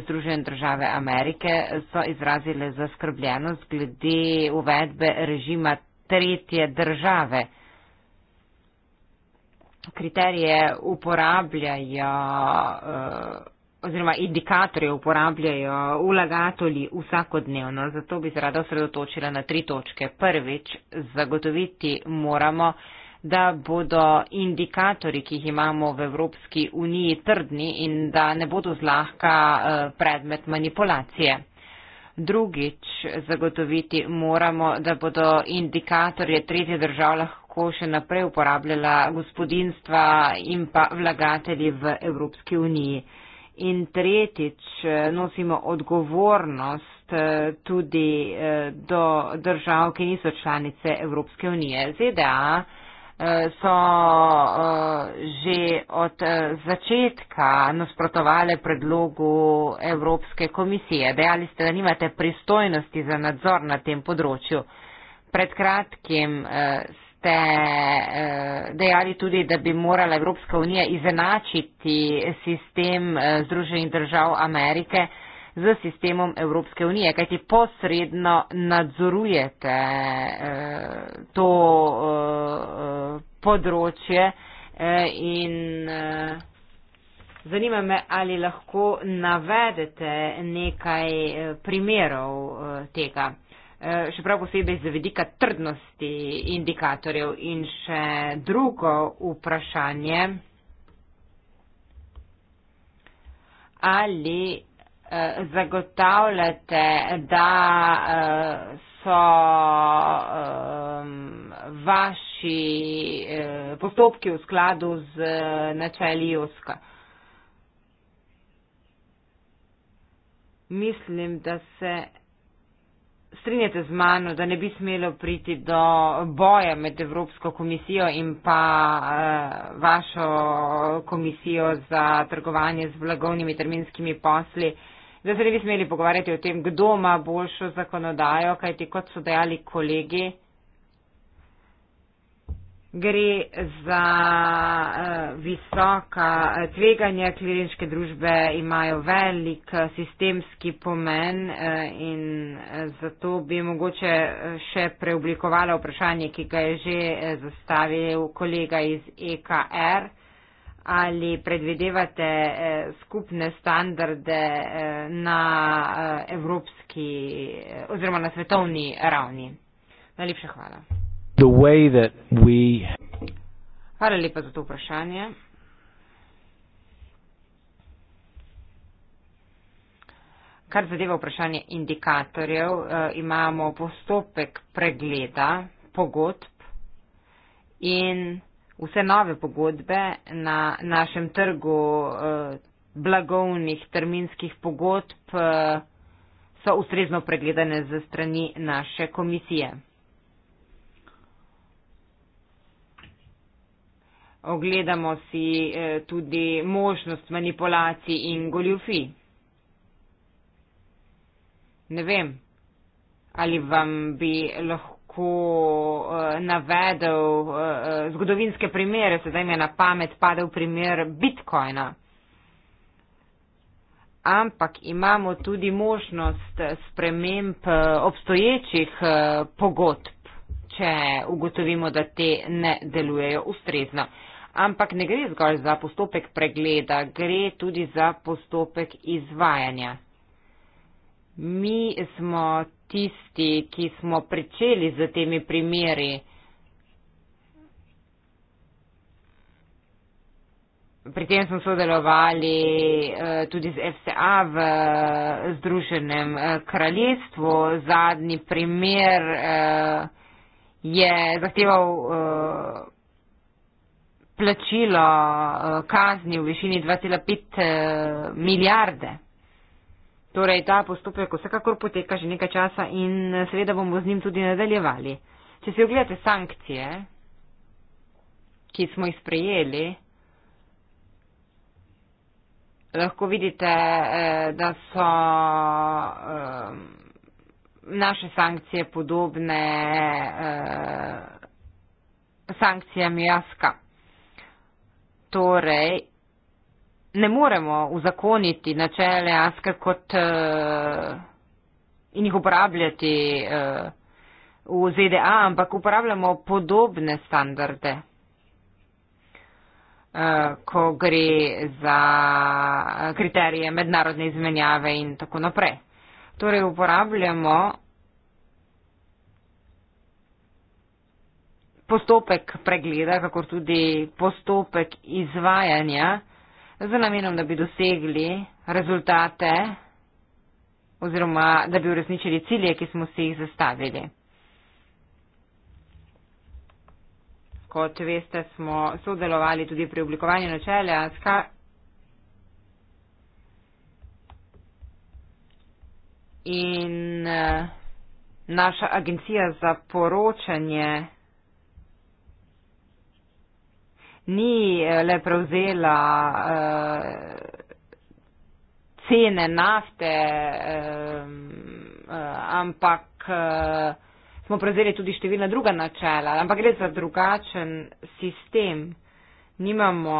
Združene države Amerike, so izrazile zaskrbljenost glede uvedbe režima tretje države kriterije uporabljajo eh, oziroma indikatorje uporabljajo vlagatelji vsakodnevno. Zato bi se rada osredotočila na tri točke. Prvič, zagotoviti moramo, da bodo indikatori, ki jih imamo v Evropski uniji, trdni in da ne bodo zlahka eh, predmet manipulacije. Drugič, zagotoviti moramo, da bodo indikatorje tretje držav lahko lahko še naprej uporabljala gospodinstva in pa vlagatelji v Evropski uniji. In tretjič, eh, nosimo odgovornost eh, tudi eh, do držav, ki niso članice Evropske unije. ZDA so že od začetka nasprotovali predlogu Evropske komisije. Dejali ste, da nimate pristojnosti za nadzor na tem področju. Pred kratkim ste eh, dejali tudi, da bi morala Evropska unija izenačiti sistem eh, Združenih držav Amerike z sistemom Evropske unije, kajti posredno nadzorujete eh, to področje in. Zanima me, ali lahko navedete nekaj primerov tega. Eh, še prav posebej z vedika trdnosti indikatorjev. In še drugo vprašanje, ali eh, zagotavljate, da eh, so vaši postopki v skladu z načeli Joska. Mislim, da se strinjate z mano, da ne bi smelo priti do boja med Evropsko komisijo in pa uh, vašo komisijo za trgovanje z blagovnimi terminskimi posli, da se ne bi smeli pogovarjati o tem, kdo ima boljšo zakonodajo, kajti kot so dejali kolegi, uh, gre za uh, visoka eh, tveganja. Klirinške družbe imajo velik eh, sistemski pomen uh, in zato bi mogoče še preoblikovala vprašanje, ki ga je že zastavil kolega iz EKR. Ali predvidevate skupne standarde na evropski oziroma na svetovni ravni? Najlepša hvala. Hvala lepa za to vprašanje. Kar zadeva vprašanje indikatorjev, eh, imamo postopek pregleda pogodb in vse nove pogodbe na našem trgu eh, blagovnih terminskih pogodb eh, so ustrezno pregledane ze strani naše komisije. ogledamo si eh, tudi možnost manipulacij in goljufi. Ne vem, ali vam bi lahko eh, navedel eh, zgodovinske primere, sedaj mi je na pamet padel primer bitcoina. Ampak imamo tudi možnost sprememb obstoječih pogodb, če ugotovimo, da te ne delujejo ustrezno ampak ne gre zgolj za postopek pregleda, gre tudi za postopek izvajanja. Mi smo tisti, ki smo pričeli z temi primeri. Pri tem smo sodelovali eh, tudi z FCA v eh, Združenem eh, kraljestvu. Zadnji primer je zahteval plačilo eh, kazni v višini 2,5 eh, milijarde. Torej, ta postopek vsekakor poteka že nekaj časa in eh, seveda bomo z njim tudi nadaljevali. Če si ogledate sankcije, ki smo jih sprejeli, lahko vidite, da so naše sankcije podobne sankcijam JASKA torej ne moremo uzakoniti načele aske kot uh, in jih uporabljati uh, v ZDA, ampak uporabljamo podobne standarde, uh, ko gre za kriterije mednarodne izmenjave in tako naprej. Torej uporabljamo postopek pregleda, kakor tudi postopek izvajanja z namenom, da bi dosegli rezultate oziroma da bi uresničili cilje, ki smo si jih zastavili. Kot veste, smo sodelovali tudi pri oblikovanju načela. In eh, naša agencija za poročanje ni eh, le prevzela uh, cene nafte, um, uh, ampak uh, smo prevzeli tudi številna druga načela, ampak gre za drugačen sistem. Nimamo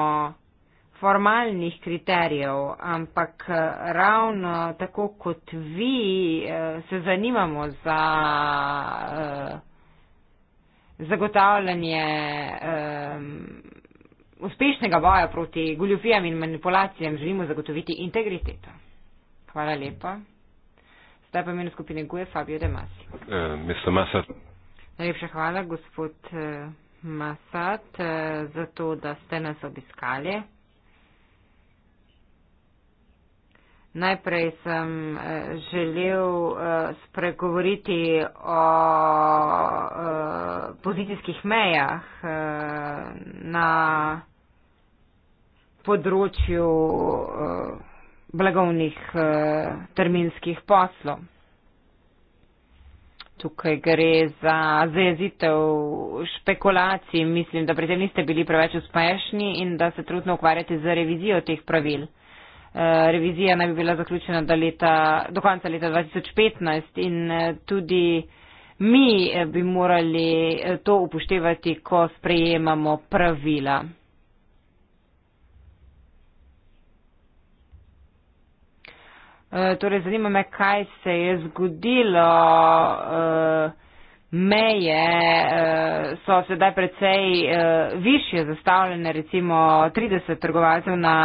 formalnih kriterijev, ampak ravno tako kot vi se zanimamo za zagotavljanje uspešnega boja proti goljofijam in manipulacijam želimo zagotoviti integriteto. Hvala lepa. Zdaj pa imenu skupine Guje Fabio De Masi. Uh, eh, Mr. Masat. Najlepša hvala, gospod eh, Masat, eh, za to, da ste nas obiskali. Najprej sem eh, želel eh, spregovoriti o eh, pozicijskih mejah na področju blagovnih terminskih poslov. Tukaj gre za zajezitev špekulacij. Mislim, da pri tem niste bili preveč uspešni in da se trudno ukvarjate z revizijo teh pravil. Eh, revizija naj bi bila zaključena do, leta, do konca leta 2015 in eh, tudi mi eh, bi morali to upoštevati, ko sprejemamo pravila. Torej, zanima me, kaj se je zgodilo. Uh, me je, eh, so sedaj precej eh, više zastavljene, recimo 30 trgovalcev na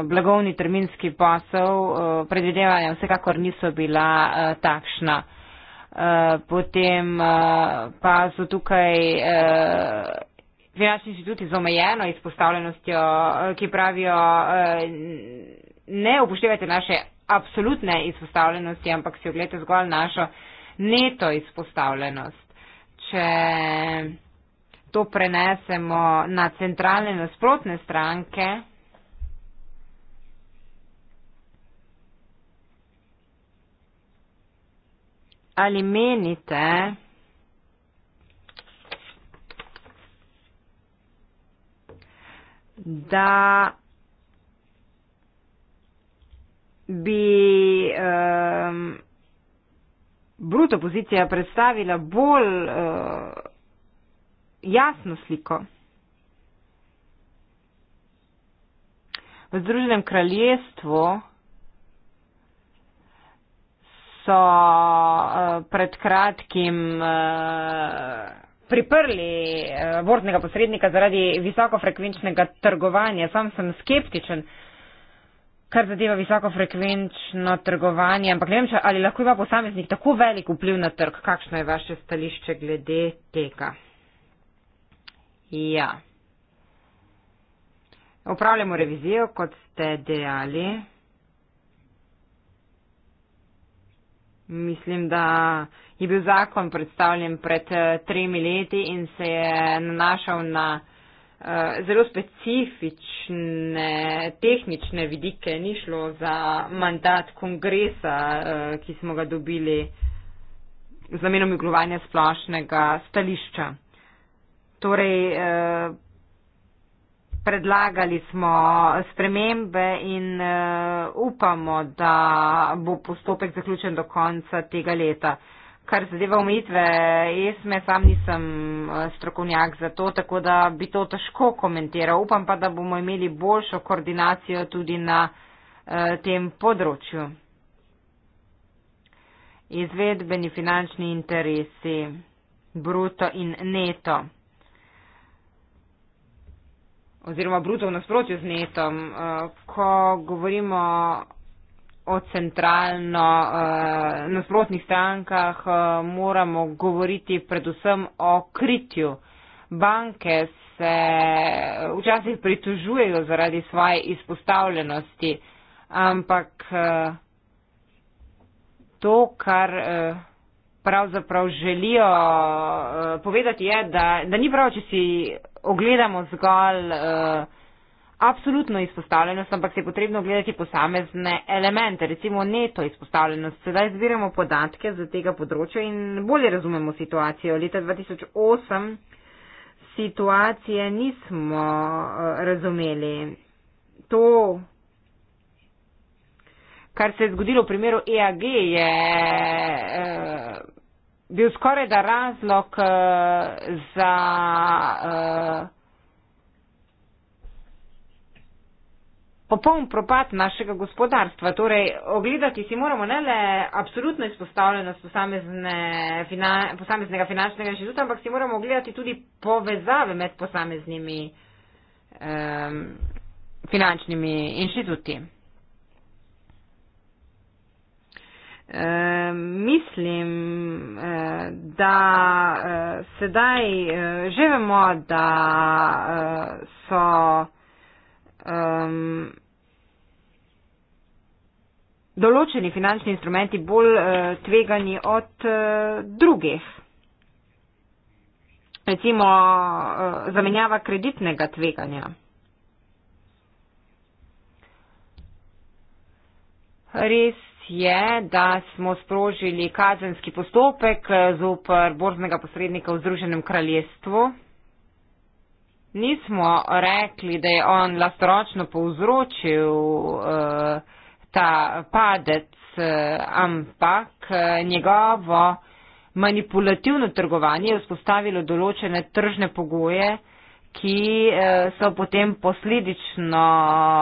eh, blagovni terminski posel, predvidevanja vsekakor niso bila takšna. Potem pa so tukaj finančni inštituti z omejeno izpostavljenostjo, ki pravijo, ne upoštevajte naše absolutne izpostavljenosti, ampak si oglejte zgolj našo neto izpostavljenost. Če to prenesemo na centralne nasprotne stranke, ali menite, da bi um, bruto pozicija predstavila bolj uh, jasno sliko. V Združenem kraljestvu so uh, pred kratkim uh, priprli vortnega posrednika zaradi visokofrekvenčnega trgovanja. Sam sem skeptičen, uh, kar zadeva visokofrekvenčno trgovanje, ampak ne vem, če, ali lahko ima posameznik tako velik vpliv na trg. Kakšno je vaše stališče glede tega? Ja. Upravljamo revizijo, kot ste dejali. Mislim, da je bil zakon predstavljen pred eh, tremi leti in se je nanašal na. Eh, zelo specifične tehnične vidike, ni šlo za mandat kongresa, uh, ki smo ga dobili z namenom oglovanja splošnega stališča. Torej, uh, Predlagali smo spremembe in upamo, da bo postopek zaključen do konca tega leta kar zadeva umitve, jaz me sam nisem eh, strokovnjak za to, tako da bi to težko komentiral. Upam pa, da bomo imeli boljšo koordinacijo tudi na uh, tem področju. Izvedbeni finančni interesi, bruto in neto. Oziroma bruto v nasprotju z netom. Uh, ko govorimo o centralno uh, nasprotnih strankah uh, moramo govoriti predvsem o kritju. Banke se včasih pritožujejo zaradi svoje izpostavljenosti, ampak uh, to, kar. Uh, Pravzaprav želijo povedati, je, da, da ni prav, če si ogledamo zgolj uh, Absolutno izpostavljenost, ampak je potrebno gledati posamezne elemente, recimo neto izpostavljenost. Sedaj zbiramo podatke za tega področja in bolje razumemo situacijo. Leta 2008 situacije nismo eh, razumeli. To, kar se je zgodilo v primeru EAG, je eh, bil skoraj da razlog eh, za. popoln propad našega gospodarstva. Torej, ogledati si moramo ne le absolutno izpostavljenost posamezne, fina, posameznega finančnega inštituta, ampak si moramo ogledati tudi povezave med posameznimi um, finančnimi inštituti. E, mislim, e, da e, sedaj e, že vemo, da e, so um, določeni finančni instrumenti bolj uh, tvegani od uh, drugih. Recimo uh, zamenjava kreditnega tveganja. Res je, da smo sprožili kazenski postopek zoper borznega posrednika v Združenem kraljestvu nismo rekli, da je on lastročno povzročil uh, ta padec, uh, ampak uh, njegovo manipulativno trgovanje je vzpostavilo določene tržne pogoje, ki uh, so potem posledično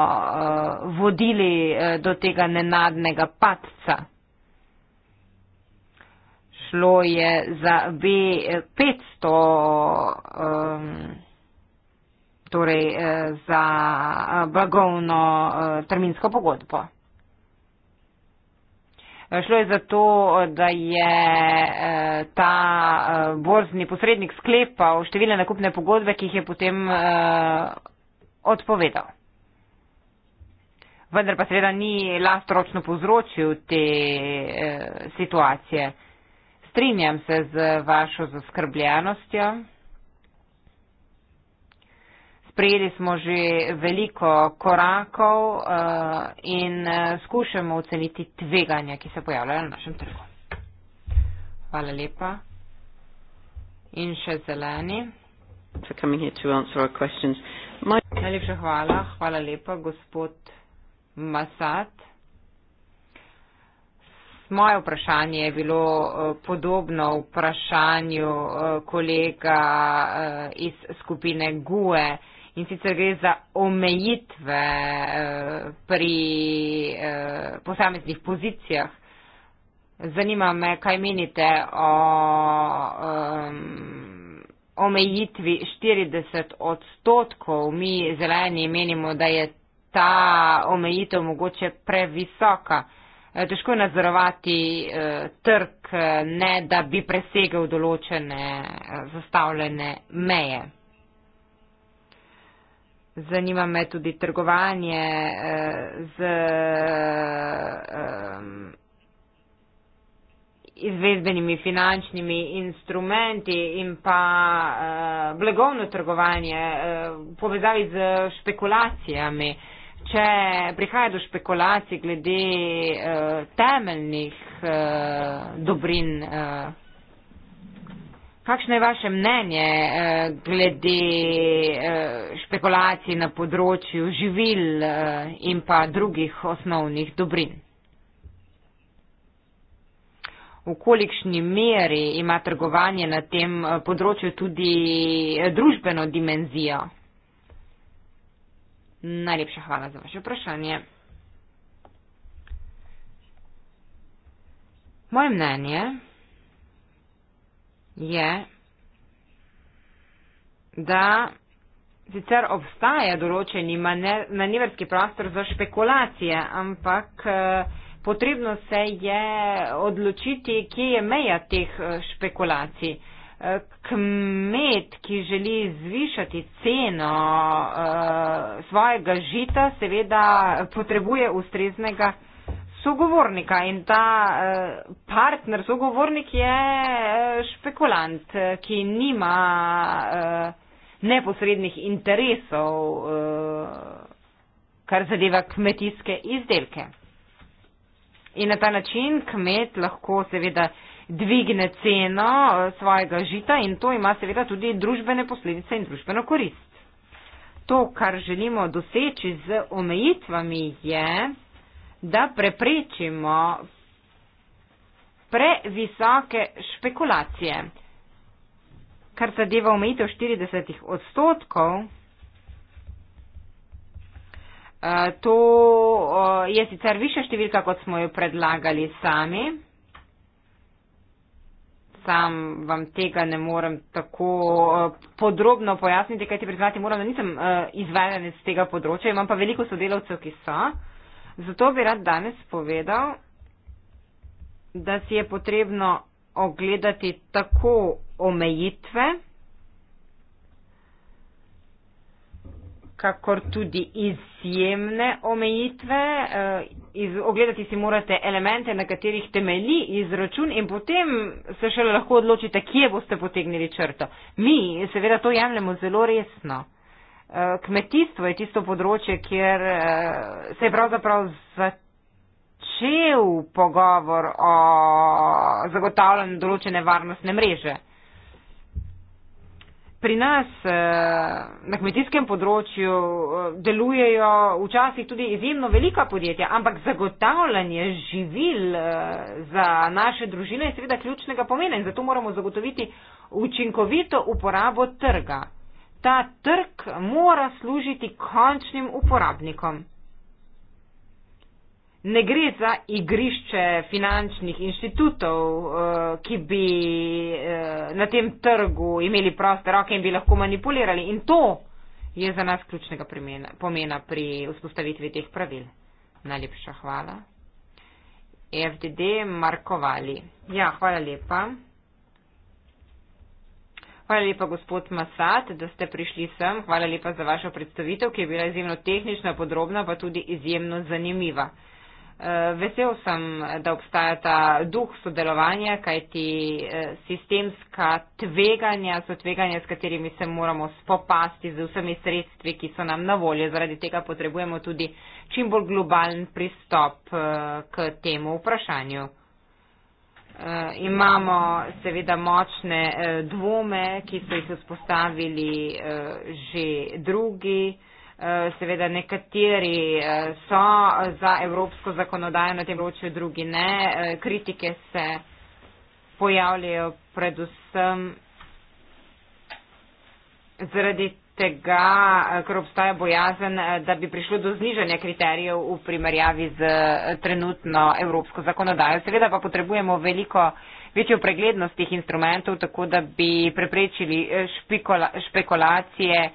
uh, vodili uh, do tega nenadnega padca. Šlo je za B500. Um, torej eh, za eh, blagovno eh, terminsko pogodbo. Šlo je za to, da je ta borzni posrednik sklepal številne nakupne pogodbe, ki jih je potem odpovedal. Vendar pa seveda ni lastročno povzročil te situacije. Strinjam se z vašo zaskrbljenostjo. Sprejeli smo že veliko korakov eh, in eh, skušamo oceniti tveganja, ki se pojavljajo na našem trgu. Hvala lepa. In še zeleni. My... Najlepša hvala. Hvala lepa, gospod Masat. Moje vprašanje je bilo eh, podobno vprašanju kolega iz skupine GUE in sicer gre za omejitve eh, pri eh, posameznih pozicijah. Zanima me, kaj menite o um, omejitvi 40 odstotkov. Mi zeleni menimo, da je ta omejitev mogoče previsoka. Eh, težko je nadzorovati uh, trg, ne da bi presegel določene uh, zastavljene meje. Zanima me tudi trgovanje eh, z ehm, izvedbenimi finančnimi instrumenti in pa eh, blagovno trgovanje eh, v povezavi z špekulacijami. Če prihaja do špekulacij glede temeljnih dobrin Kakšno je vaše mnenje eh, glede eh, špekulacij na področju živil eh, in pa drugih osnovnih dobrin? V kolikšni meri ima trgovanje na tem eh, področju tudi eh, družbeno dimenzijo? Najlepša hvala za vaše vprašanje. Moje mnenje je, da sicer obstaja določeni manevrski prostor za špekulacije, ampak eh, potrebno se je odločiti, kje je meja teh eh, špekulacij. Eh, kmet, ki želi zvišati ceno uh, svojega žita, seveda potrebuje ustreznega sogovornika in ta eh, partner, sogovornik je eh, špekulant, eh, ki nima neposrednih interesov, kar zadeva kmetijske izdelke. In na ta način kmet lahko seveda dvigne ceno svojega žita in to ima seveda tudi družbene posledice in družbeno korist. To, kar želimo doseči z omejitvami, je, da preprečimo previsoke špekulacije. Kar zadeva omejitev 40 odstotkov, eh, to eh, je sicer višja številka, kot smo jo predlagali sami. Sam vam tega ne morem tako eh, podrobno pojasniti, kajti priznati moram, da nisem izvedenec tega področja, imam pa veliko sodelavcev, ki so. Zato bi rad danes povedal, da si je potrebno ogledati tako omejitve, kakor tudi izjemne omejitve. Eh, iz, ogledati si morate elemente, na katerih temelji izračun in potem se šele lahko odločite, kje boste potegnili črto. Mi seveda to jemljemo zelo resno. Eh, kmetijstvo je tisto področje, kjer eh, se je pravzaprav začel pogovor o zagotavljanju določene varnostne mreže. Pri nas eh, na kmetijskem področju delujejo včasih tudi izjemno velika podjetja, ampak zagotavljanje živil za naše družine je seveda ključnega pomena in zato moramo zagotoviti učinkovito uporabo trga ta trg mora služiti končnim uporabnikom. Ne gre za igrišče finančnih inštitutov, eh, ki bi eh, na tem trgu imeli proste roke in bi lahko manipulirali. In to je za nas ključnega pomena pri vzpostavitvi teh pravil. Najlepša hvala. FDD Markovali. Ja, hvala lepa. Hvala lepa, gospod Masat, da ste prišli sem. Hvala lepa za vašo predstavitev, ki je bila izjemno tehnična, podrobna, pa tudi izjemno zanimiva. Eh, vesel sem, da obstaja ta duh sodelovanja, kajti eh, sistemska tveganja so tveganja, s katerimi se moramo spopasti z vsemi sredstvi, ki so nam na voljo. Zaradi tega potrebujemo tudi čim bolj globalen pristop eh, k temu vprašanju. Eh, imamo seveda močne eh, dvome, ki so jih vzpostavili eh, že drugi. Seveda nekateri so za evropsko zakonodajo na tem ročju, drugi ne. Kritike se pojavljajo predvsem zaradi tega, eh, ker obstaja bojazen, eh, da bi prišlo do znižanja kriterijev v primerjavi z eh, trenutno evropsko zakonodajo. Seveda pa potrebujemo veliko večjo preglednost teh instrumentov, tako da bi preprečili špikola, špekulacije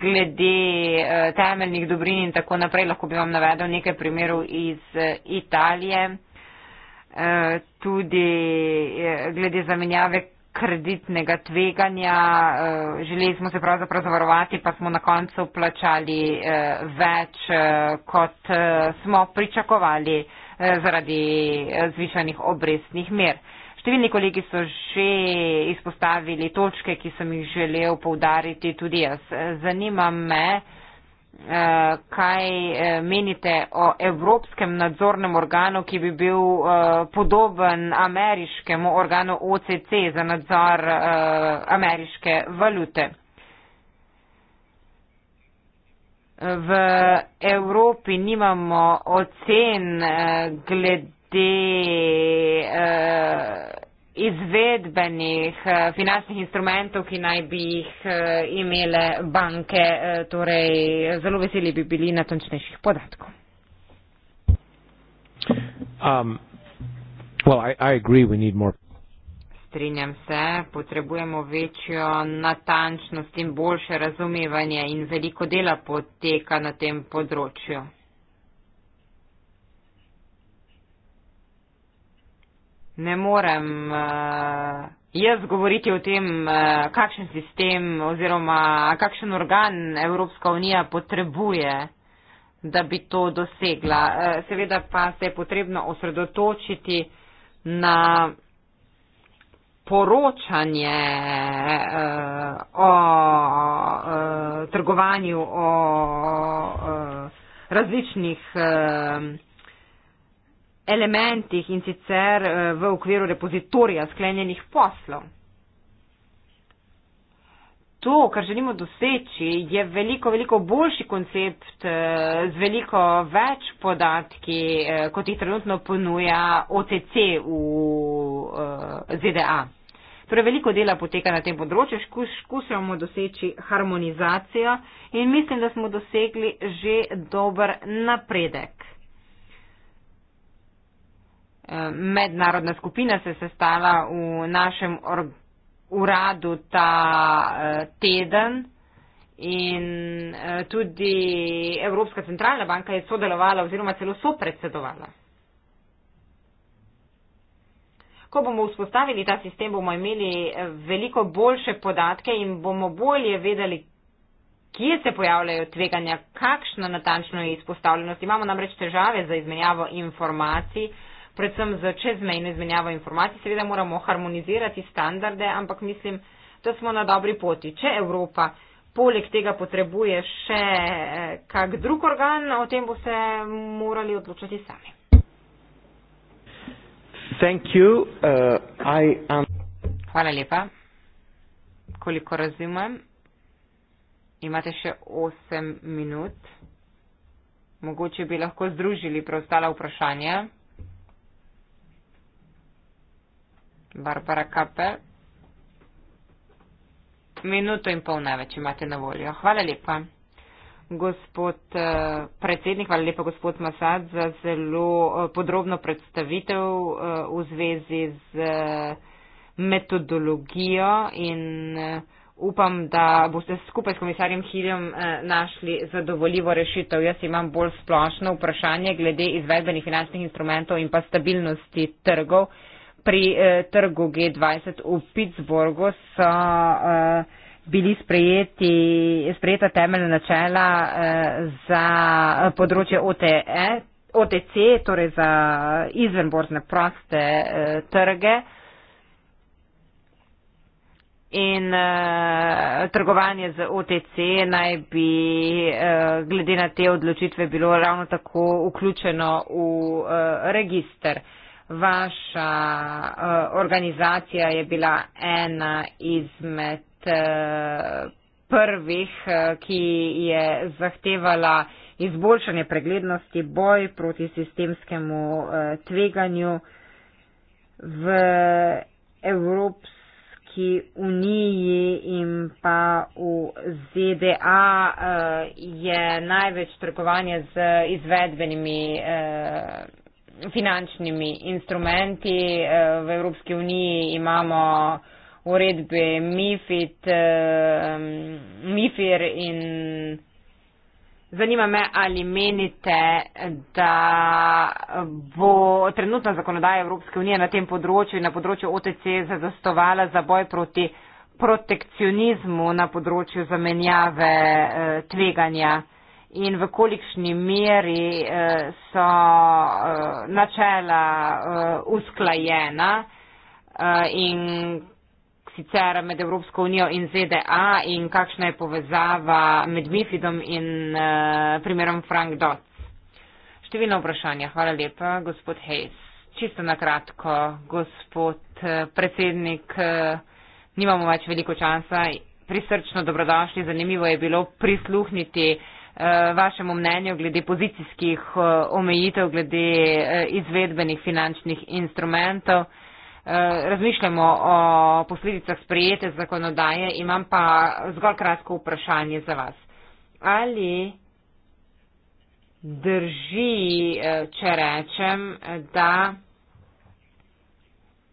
glede temeljnih dobrin in tako naprej. Lahko bi vam navedel nekaj primerov iz Italije, tudi glede zamenjave kreditnega tveganja, eh, želeli smo se pravzaprav zavarovati, pa smo na koncu plačali eh, več, eh, kot smo pričakovali zaradi zvišanih obrestnih mer. Številni kolegi so že izpostavili točke, ki sem jih želel poudariti tudi jaz. Zanima me, Eh, kaj eh, menite o evropskem nadzornem organu, ki bi bil eh, podoben ameriškemu organu OCC za nadzor ameriške valute. V Evropi nimamo ocen glede izvedbenih eh, finančnih instrumentov, ki naj bi jih eh, imele banke. Eh, torej, zelo veseli bi bili natančnejših podatkov. Um, well, I, I agree, we need more. Strinjam se, potrebujemo večjo natančnost in boljše razumevanje in veliko dela poteka na tem področju. ne morem uh, jaz govoriti o tem, uh, kakšen sistem oziroma kakšen organ Evropska unija potrebuje, da bi to dosegla. Uh, seveda pa se je potrebno osredotočiti na poročanje uh, o uh, trgovanju, o uh, različnih. Uh, elementih in sicer eh, v okviru repozitorija sklenjenih poslov. To, kar želimo doseči, je veliko, veliko boljši koncept eh, z veliko več podatki, eh, kot jih trenutno ponuja OCC v ZDA. Torej, veliko dela poteka na tem področju, skušamo doseči harmonizacijo in mislim, da smo dosegli že dober napredek mednarodna skupina se sestala v našem uradu ta e, teden in e, tudi Evropska centralna banka je sodelovala oziroma celo sopredsedovala. Ko bomo vzpostavili ta sistem, bomo imeli e, veliko boljše podatke in bomo bolje vedeli, kje se pojavljajo tveganja, kakšna natančno je izpostavljenost. Imamo namreč težave za izmenjavo informacij, predvsem za čezmejno izmenjavo informacij. Seveda moramo harmonizirati standarde, ampak mislim, da smo na dobri poti. Če Evropa poleg tega potrebuje še eh, kak drug organ, o tem bo se morali odločiti sami. Uh, Hvala lepa. Koliko razumem? Imate še 8 minut. Mogoče bi lahko združili preostala vprašanja. Barbara Kaper. Minuto in pol največ imate na voljo. Hvala lepa, gospod eh, predsednik, hvala lepa, gospod Masad, za zelo eh, podrobno predstavitev eh, v zvezi z metodologijo in upam, da boste skupaj s komisarjem Hiljem našli zadovoljivo rešitev. Jaz imam bolj splošno vprašanje glede izvedbenih finančnih instrumentov in pa stabilnosti trgov pri eh, trgu G20 v Pittsburghu so eh, bili sprejeti, sprejeta temeljna načela eh, za področje OTE, OTC, torej za izvenborzne proste eh, trge in eh, trgovanje z OTC naj bi eh, glede na te odločitve bilo ravno tako vključeno v eh, registr. Eh, vaša uh, organizacija je bila ena izmed uh, prvih, uh, ki je zahtevala izboljšanje preglednosti, boj proti sistemskemu uh, tveganju v Evropski. Ki uniji in pa v ZDA je največ trgovanja z izvedbenimi finančnimi instrumenti. Eh, v Evropski uniji imamo uredbe MIFID, eh, MIFIR in zanima me, ali menite, da bo trenutna zakonodaja Evropske unije na tem področju in na področju OTC zadostovala za boj proti protekcionizmu na področju zamenjave eh, tveganja in v kolikšni meri eh, so eh, načela eh, usklajena in sicer med Evropsko unijo in ZDA in kakšna je povezava med Mifidom in primerom Frank Dots. Številna vprašanja. Hvala lepa, gospod Hayes. Čisto na kratko, gospod predsednik, nimamo več veliko časa. Prisrčno dobrodošli. Zanimivo je bilo prisluhniti uh, Eh, vašemu mnenju glede pozicijskih eh, omejitev, glede eh, izvedbenih finančnih instrumentov. Razmišljamo o posledicah sprejete zakonodaje, imam pa zgolj kratko vprašanje za vas. Ali drži, če rečem, da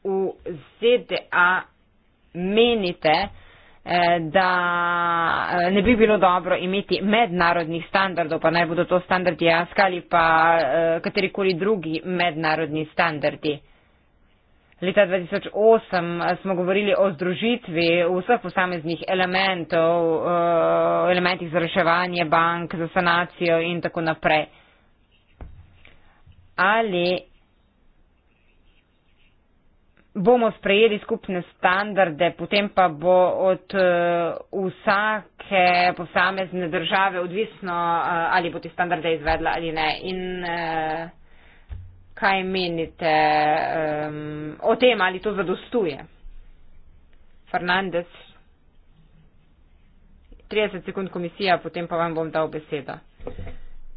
v ZDA menite, Eh, da eh, ne bi bilo dobro imeti mednarodnih standardov, pa naj bodo to standardi ASK ali pa eh, katerikoli drugi mednarodni standardi. Leta 2008 smo govorili o združitvi vseh posameznih elementov, elementih za reševanje bank, za sanacijo in tako naprej. Ali bomo sprejeli skupne standarde, potem pa bo od eh, vsake posamezne države odvisno, eh, ali bo te standarde izvedla ali ne. In eh, kaj menite o tem, ali to zadostuje? Fernandez, 30 sekund komisija, potem pa vam bom dal besedo.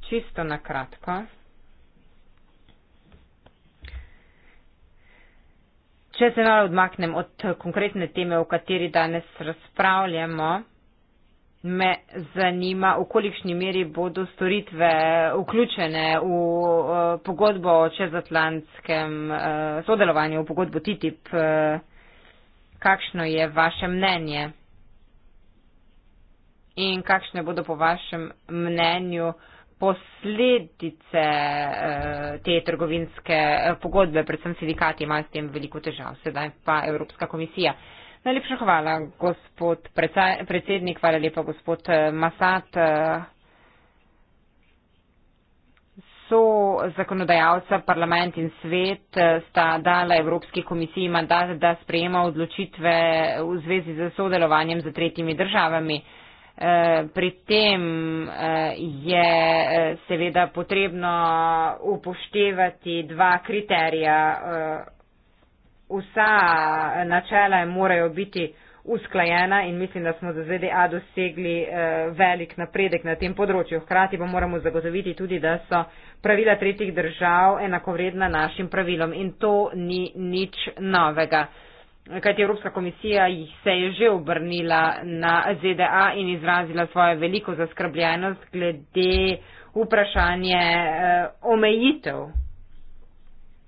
Čisto na kratko. Če se malo odmaknem od konkretne teme, o kateri danes razpravljamo, me zanima, v kolikšni meri bodo storitve vključene v eh, pogodbo o čezatlantskem eh, sodelovanju, v pogodbo TTIP. Eh, kakšno je vaše mnenje? In kakšne bodo po vašem mnenju? posledice eh, te trgovinske eh, pogodbe, predvsem sindikati imajo s tem veliko težav, sedaj pa Evropska komisija. Najlepša hvala, gospod predsednik, hvala lepa, gospod eh, Masat. So zakonodajalca, parlament in svet sta dala Evropski komisiji mandat, da sprejema odločitve v zvezi z sodelovanjem z tretjimi državami. Eh, pri tem eh, je eh, seveda potrebno upoštevati dva kriterija. Vsa načela morajo biti usklajena in mislim, da smo za ZDA dosegli velik napredek na tem področju. Hkrati pa moramo zagotoviti tudi, da so pravila tretjih držav enakovredna našim pravilom in to ni nič novega kajti Evropska komisija jih se je že obrnila na ZDA in izrazila svojo veliko zaskrbljenost glede vprašanje eh, omejitev.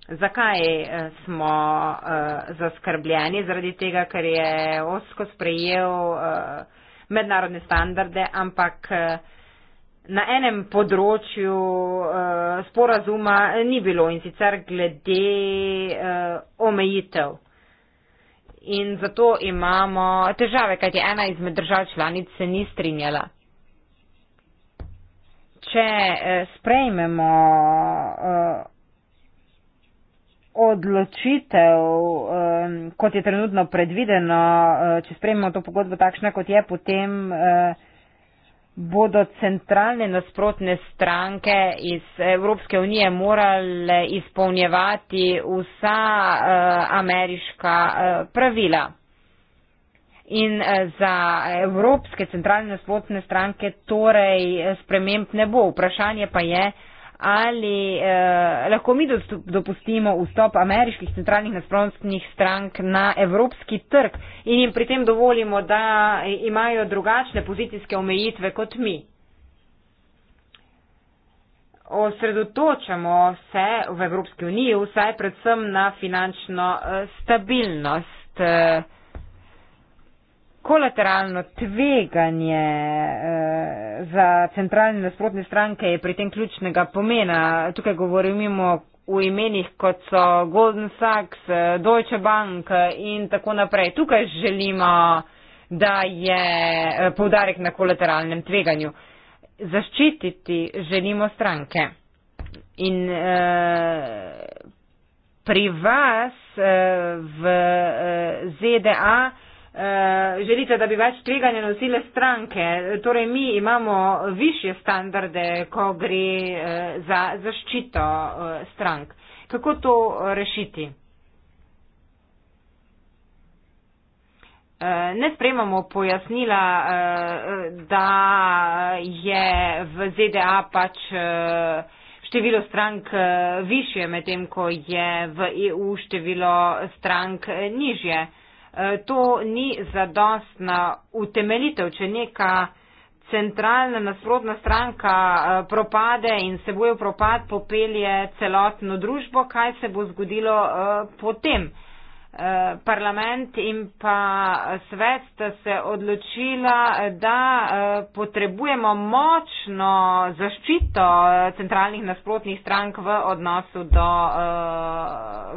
Zakaj eh, smo eh, zaskrbljeni? Zaradi tega, ker je OSKO sprejel mednarodne standarde, ampak na enem področju sporazuma ni bilo in sicer glede omejitev in zato imamo težave, kajti ena izmed držav članic se ni strinjala. Če eh, sprejmemo eh, odločitev, eh, kot je trenutno predvideno, če sprejmemo to pogodbo takšna, kot je, potem bodo centralne nasprotne stranke iz Evropske unije morale izpolnjevati vsa uh, ameriška uh, pravila. In uh, za evropske centralne nasprotne stranke torej sprememb ne bo. Vprašanje pa je, uh, ali eh, lahko mi dopustimo vstop ameriških centralnih nasprotnih strank na evropski trg in jim pri tem dovolimo, da imajo drugačne pozicijske omejitve kot mi. Osredotočamo se v Evropski uniji vsaj predvsem na finančno eh, stabilnost. Eh, kolateralno tveganje eh, za centralne nasprotne stranke je pri tem ključnega pomena. Tukaj govorimo v imenih, kot so Golden Sachs, eh, Deutsche Bank eh, in tako naprej. Tukaj želimo, da je eh, poudarek na kolateralnem tveganju. Zaščititi želimo stranke. In eh, pri vas eh, v eh, ZDA. Eh, želite, da bi več tveganja nosile stranke. Torej, mi imamo više standarde, ko gre eh, za zaščito eh, strank. Kako to rešiti? Ne sprejmamo pojasnila, da je v ZDA pač število strank višje, medtem ko je v EU število strank nižje. Eh, to ni zadostna utemeljitev, če neka centralna nasprotna stranka eh, propade in se bojo propad popelje celotno družbo, kaj se bo zgodilo eh, potem. Parlament in pa svet sta se odločila, da potrebujemo močno zaščito centralnih nasprotnih strank v odnosu do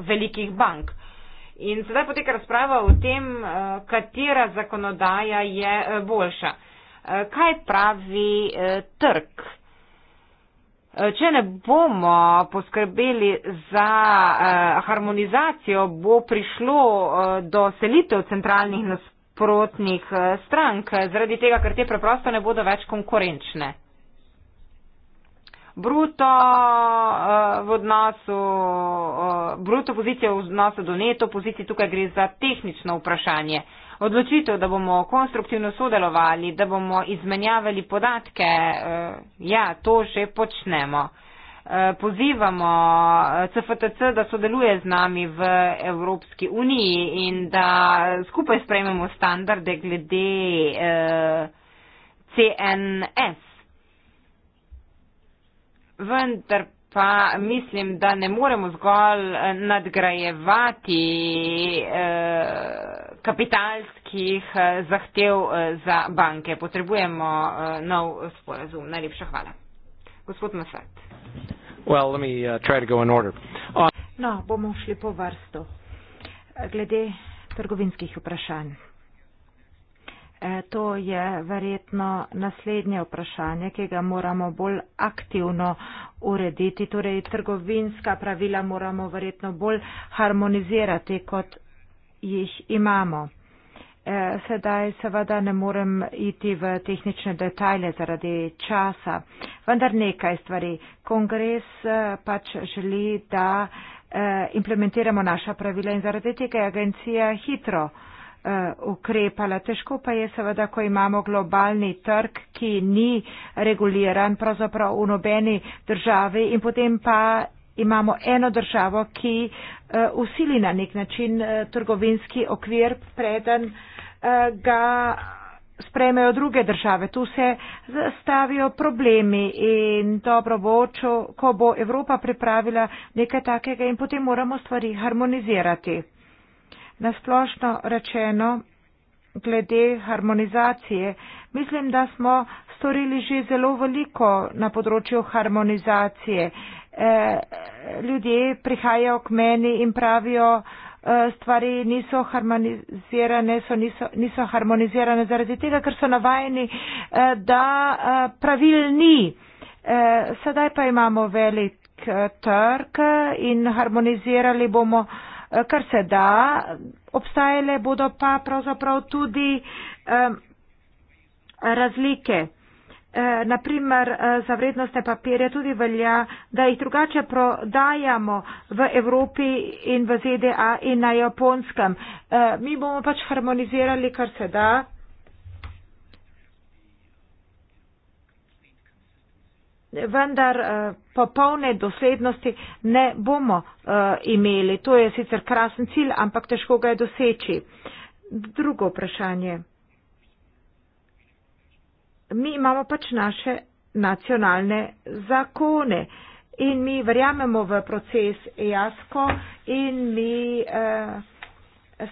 velikih bank. In sedaj poteka razprava o tem, eh, katera zakonodaja je eh, boljša. Eh, kaj pravi trg? Če ne bomo poskrbeli za harmonizacijo, bo prišlo do selitev centralnih nasprotnih strank, zaradi tega, ker te preprosto ne bodo več konkurenčne bruto, uh, odnosu, uh, bruto pozicijo v odnosu do neto pozicije, tukaj gre za tehnično vprašanje. Odločitev, da bomo konstruktivno sodelovali, da bomo izmenjavali podatke, uh, ja, to že počnemo. Pozivamo CFTC, da sodeluje z nami v Evropski uniji in da skupaj sprejmemo standarde glede eh, CNS vendar pa mislim, da ne moremo zgolj eh, nadgrajevati eh, kapitalskih eh, zahtev za banke. Potrebujemo nov sporazum. Najlepša hvala. Gospod Masat. Well, let me uh, try to go in order. Uh, no, bomo šli po vrsto. Glede trgovinskih vprašanj. E, to je verjetno naslednje vprašanje, ki ga moramo bolj aktivno urediti. Torej, trgovinska pravila moramo verjetno bolj harmonizirati, kot jih imamo. E, sedaj seveda ne morem iti v tehnične detalje zaradi časa, vendar nekaj stvari. Kongres e, pač želi, da implementiramo naša pravila in zaradi tega je agencija hitro. Eh, ukrepala. Težko pa je seveda, ko imamo globalni trg, ki ni reguliran pravzaprav v nobeni državi in potem pa imamo eno državo, ki eh, usili na nek način eh, trgovinski okvir, preden ga spremejo druge države. Tu se stavijo problemi in dobro bo, ko bo Evropa pripravila nekaj takega in potem moramo stvari harmonizirati nasplošno rečeno glede harmonizacije. Mislim, da smo storili že zelo veliko na področju harmonizacije. E, ljudje prihajajo k meni in pravijo, e, stvari niso harmonizirane, so, niso, niso harmonizirane zaradi tega, ker so navajeni, e, da e, pravil ni. Sedaj pa imamo velik trg in harmonizirali bomo Eh, kar se da, obstajale bodo pa pravzaprav tudi razlike. Eh, Naprimer, eh, za vrednostne papirje tudi velja, da jih drugače prodajamo v Evropi in v ZDA in na japonskem. Mi bomo pač harmonizirali, kar se da, vendar eh, popolne doslednosti ne bomo eh, imeli. To je sicer krasen cilj, ampak težko ga je doseči. Drugo vprašanje. Mi imamo pač naše nacionalne zakone in mi verjamemo v proces EASKO in mi eh,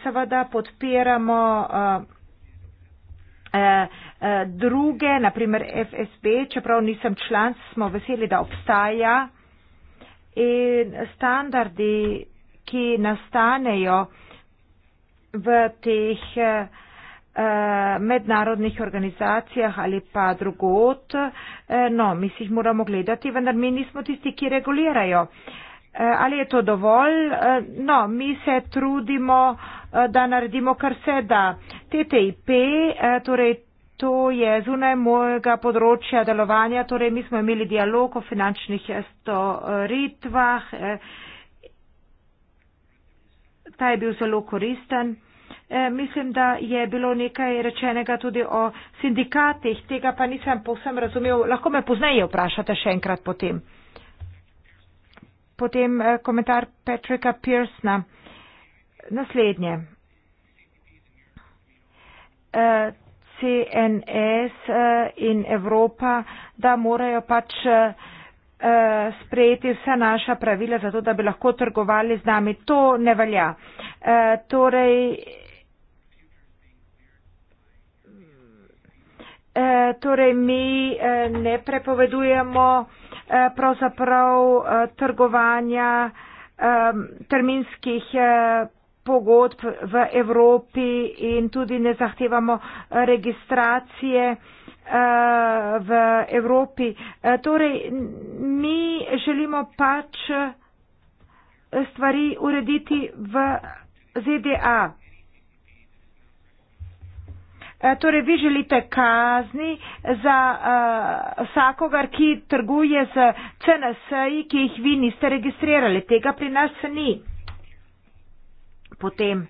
seveda podpiramo eh, Eh, eh, druge, naprimer FSB, čeprav nisem član, smo veseli, da obstaja. In standardi, ki nastanejo v teh eh, mednarodnih organizacijah ali pa drugot, no, mi si jih moramo gledati, vendar mi nismo tisti, ki regulirajo. Ali je to dovolj? No, mi se trudimo, Eh, da naredimo kar se da. TTIP, eh, torej to je zunaj mojega področja delovanja, torej mi smo imeli dialog o finančnih storitvah, eh, ta je bil zelo koristen. Mislim, da je bilo nekaj rečenega tudi o sindikatih, tega pa nisem povsem razumel. Lahko me poznaje vprašate še enkrat potem. Potem komentar Patrika Pearsna naslednje. Eh, CNS eh, in Evropa, da morajo pač eh, sprejeti vsa naša pravila, zato da bi lahko trgovali z nami. To ne velja. Torej, torej mi ne prepovedujemo pravzaprav trgovanja terminskih pogodb v Evropi in tudi ne zahtevamo registracije eh, v Evropi. Eh, torej, mi želimo pač eh, stvari urediti v ZDA. Torej, vi želite kazni za uh, vsakogar, ki trguje z CNS-ji, ki jih vi niste registrirali. Tega pri nas ni potem.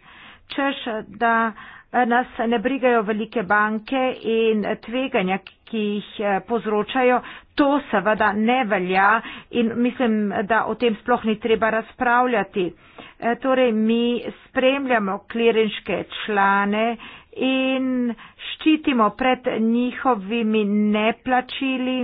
Češ, da eh, nas ne brigajo velike banke in tveganja, ki jih eh, povzročajo, to seveda ne velja in mislim, da o tem sploh ni treba razpravljati. Eh, torej, mi spremljamo klirinške člane in ščitimo pred njihovimi neplačili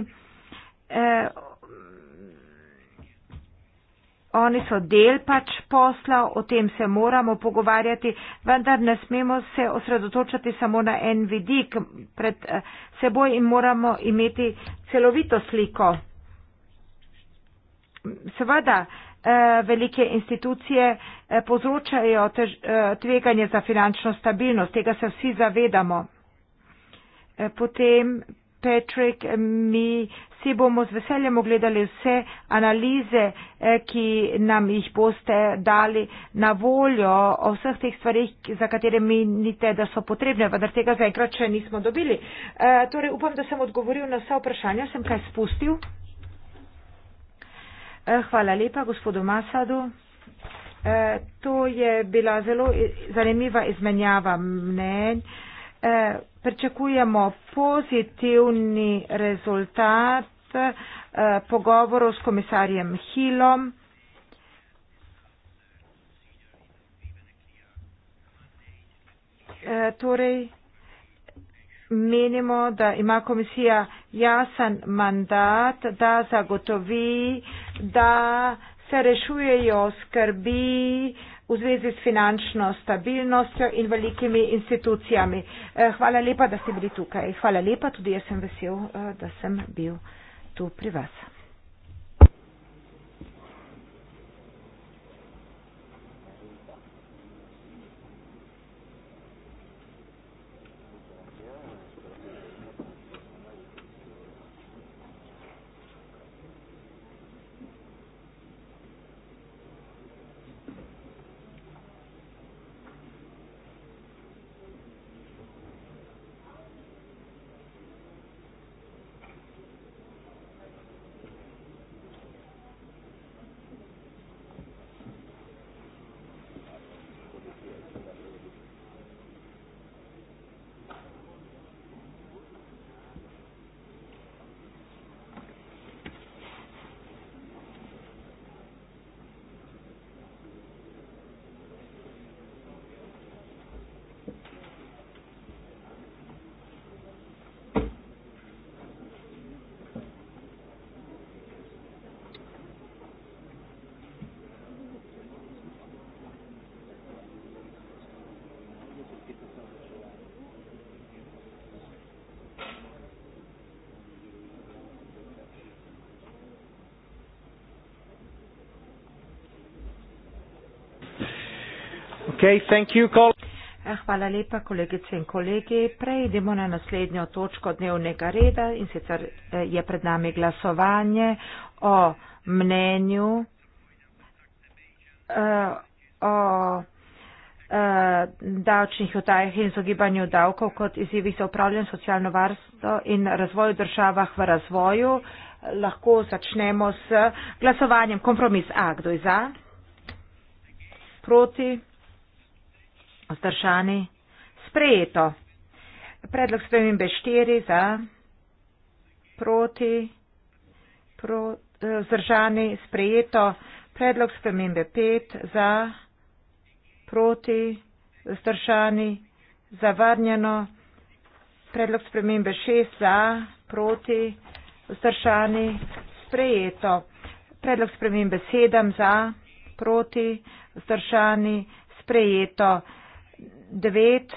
oni so del pač posla, o tem se moramo pogovarjati, vendar ne smemo se osredotočati samo na en vidik pred eh, seboj in moramo imeti celovito sliko. Seveda, eh, velike institucije eh, povzročajo tveganje za finančno stabilnost, tega se vsi zavedamo. Potem Patrick, mi si bomo z veseljem ogledali vse analize, eh, ki nam jih boste dali na voljo o vseh teh stvarih, za katere menite, da so potrebne, vendar tega zaenkrat še nismo dobili. Eh, torej, upam, da sem odgovoril na vse vprašanja, sem kaj spustil. Eh, hvala lepa gospodu Masadu. To je bila zelo zanimiva izmenjava mnen pričakujemo pozitivni rezultat eh, pogovorov s komisarjem Hilom. Eh, torej, menimo, da ima komisija jasen mandat, da zagotovi, da se rešujejo skrbi eh, v zvezi s finančno stabilnostjo in velikimi institucijami. Eh, hvala lepa, da ste bili tukaj. Hvala lepa, tudi jaz sem vesel, eh, da sem bil tu pri vas. Okay, eh, Hvala lepa, kolegice in kolegi. Prejdemo na naslednjo točko dnevnega reda in sicer eh, je pred nami glasovanje o mnenju eh, o davčnih otajah in zogibanju davkov kot izzivih za upravljanje socialno varstvo in razvoj v državah v razvoju. Lahko začnemo s glasovanjem. Kompromis A. Kdo je za? Proti? Ostršani. Sprejeto. Predlog spremembe 4 za proti. Eh, zdržani sprejeto, predlog spremembe 5 za, proti, zdržani, zavarnjeno, predlog spremembe 6 za, proti, zdržani, sprejeto, predlog spremembe 7 za, proti, zdržani, sprejeto devet,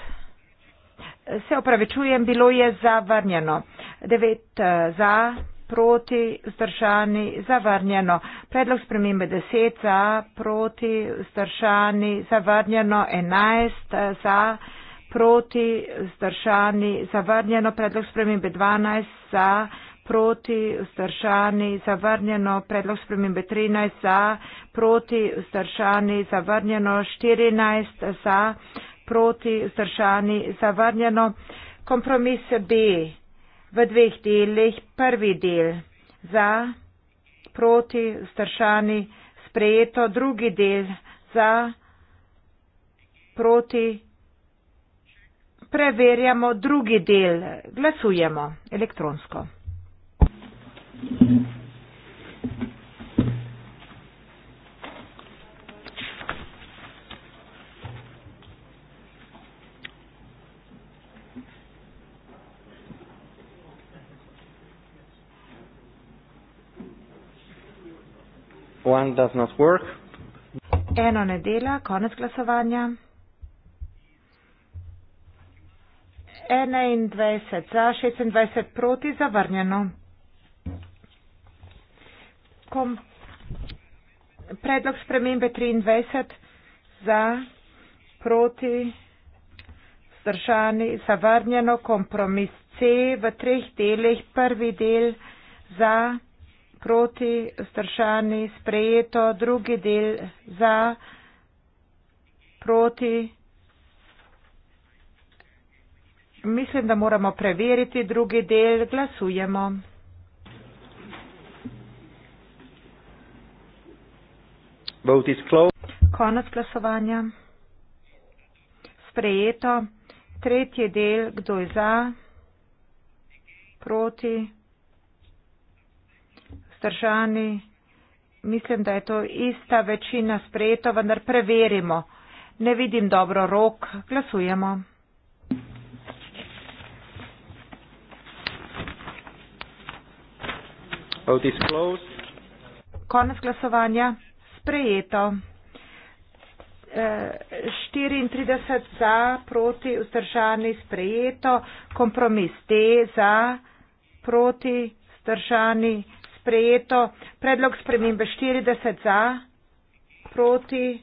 se opravičujem, bilo je zavrnjeno. Devet eh, za, proti, zdržani, zavrnjeno. Predlog spremembe deset za, proti, zdržani, zavrnjeno. Enajst eh, za, proti, zdržani, zavrnjeno. Predlog spremembe dvanajst za, proti, zdržani, zavrnjeno. Predlog spremembe trinajst za, proti, zdržani, zavrnjeno. Štirinajst za, proti, zdržani, zavrnjeno proti, vzdržani, zavrnjeno. Kompromis B v dveh delih. Prvi del za, proti, vzdržani, sprejeto. Drugi del za, proti. Preverjamo drugi del. Glasujemo elektronsko. Mm -hmm. One does not work. Eno ne dela, konec glasovanja. 21 za, 26 proti, zavrnjeno. Kom. Predlog spremembe 23 za, proti, zdržani, zavrnjeno, kompromis C v treh delih, prvi del za proti, vzdržani, sprejeto, drugi del za, proti. Mislim, da moramo preveriti drugi del. Glasujemo. Konec glasovanja. Sprejeto. Tretji del. Kdo je za? Proti vzdržani. Mislim, da je to ista večina sprejeto, vendar preverimo. Ne vidim dobro rok. Glasujemo. Konec glasovanja. Sprejeto. 34 e, za, proti, vzdržani, sprejeto. Kompromis D za, proti, vzdržani, sprejeto. Predlog spremembe 40 za, proti.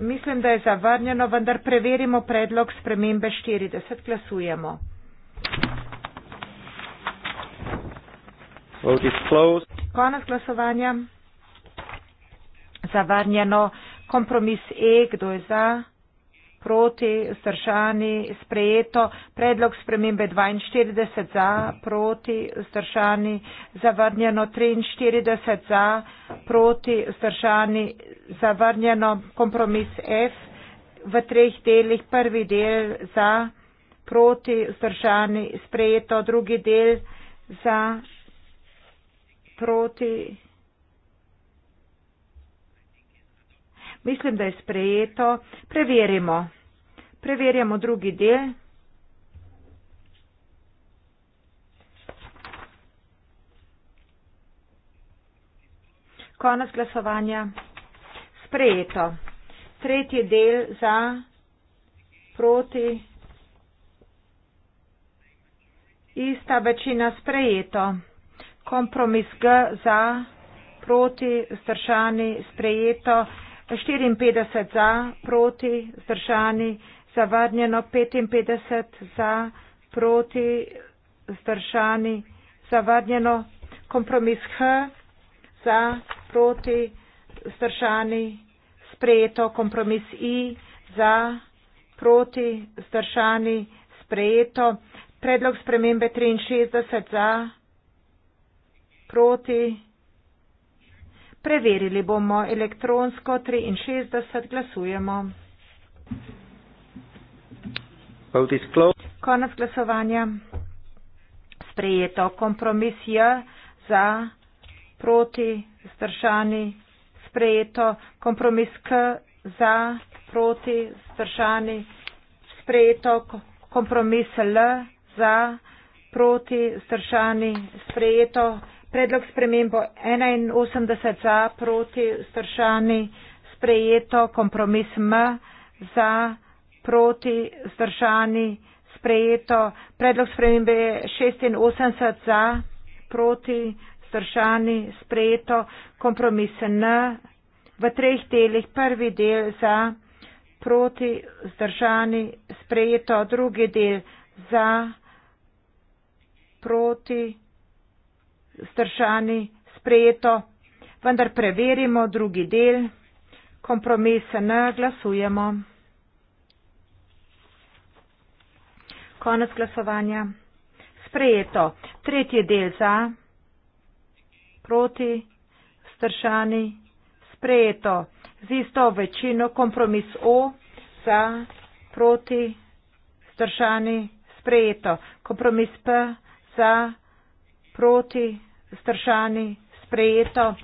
Mislim, da je zavrnjeno, vendar preverimo predlog spremembe 40. Glasujemo. Konec glasovanja. Zavrnjeno. Kompromis E. Kdo je za? proti, vzdržani, sprejeto, predlog spremembe 42 za, proti, vzdržani, zavrnjeno, 43 za, proti, vzdržani, zavrnjeno, kompromis F v treh delih, prvi del za, proti, vzdržani, sprejeto, drugi del za, proti, vzdržani. Mislim, da je sprejeto. Preverimo. Preverjamo drugi del. Konec glasovanja. Sprejeto. Tretji del za, proti. Ista večina sprejeto. Kompromis G za, proti, vzdržani, sprejeto. 54 za, proti, zdržani, zavrnjeno 55 za, proti, zdržani, zavrnjeno, kompromis H, za, proti, zdržani, sprejeto, kompromis I, za, proti, zdržani, sprejeto, predlog spremembe 63 za, proti, Preverili bomo elektronsko 63 glasujemo. Konec glasovanja. Sprejeto kompromisija za proti zdržani. Sprejeto kompromis K za proti zdržani. Sprejeto kompromis L za proti zdržani. Sprejeto kompromis predlog spremembo 81 za proti stršani sprejeto, kompromis M za proti stršani sprejeto, predlog spremembe 86 za proti stršani sprejeto, kompromis N v treh delih, prvi del za proti stršani sprejeto, drugi del za proti stršani sprejeto stršani sprejeto, vendar preverimo drugi del, kompromise ne glasujemo. Konec glasovanja. Sprejeto. Tretji del za, proti, stršani, sprejeto. Z isto večino kompromis O za, proti, stršani, sprejeto. Kompromis P za, proti, stršani sprejeto.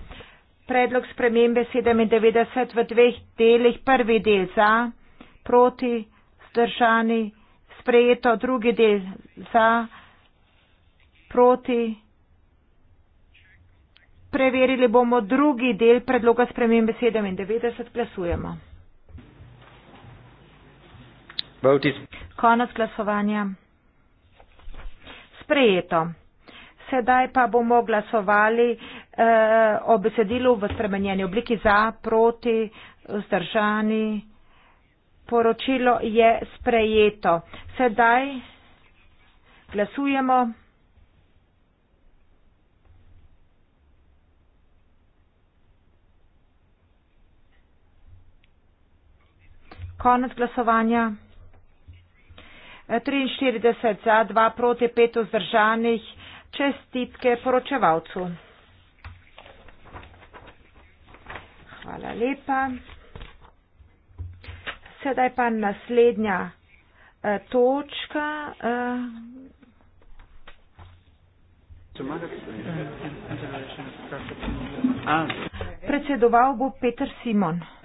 Predlog spremembe 97 v dveh delih, prvi del za, proti, stršani sprejeto, drugi del za, proti. Preverili bomo drugi del predloga spremembe 97, glasujemo. Konec glasovanja. Sprejeto. Sedaj pa bomo glasovali eh, o besedilu v spremenjeni obliki za, proti, vzdržani. Poročilo je sprejeto. Sedaj glasujemo. Konec glasovanja. 43 eh, za, 2 proti, 5 vzdržanih čestitke poročevalcu. Hvala lepa. Sedaj pa naslednja eh, točka. Eh. Predsedoval bo Peter Simon.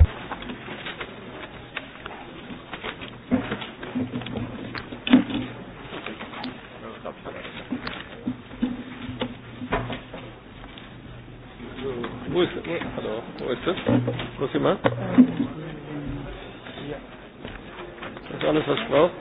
Alors, où est-ce Prochain. Dans le passeport.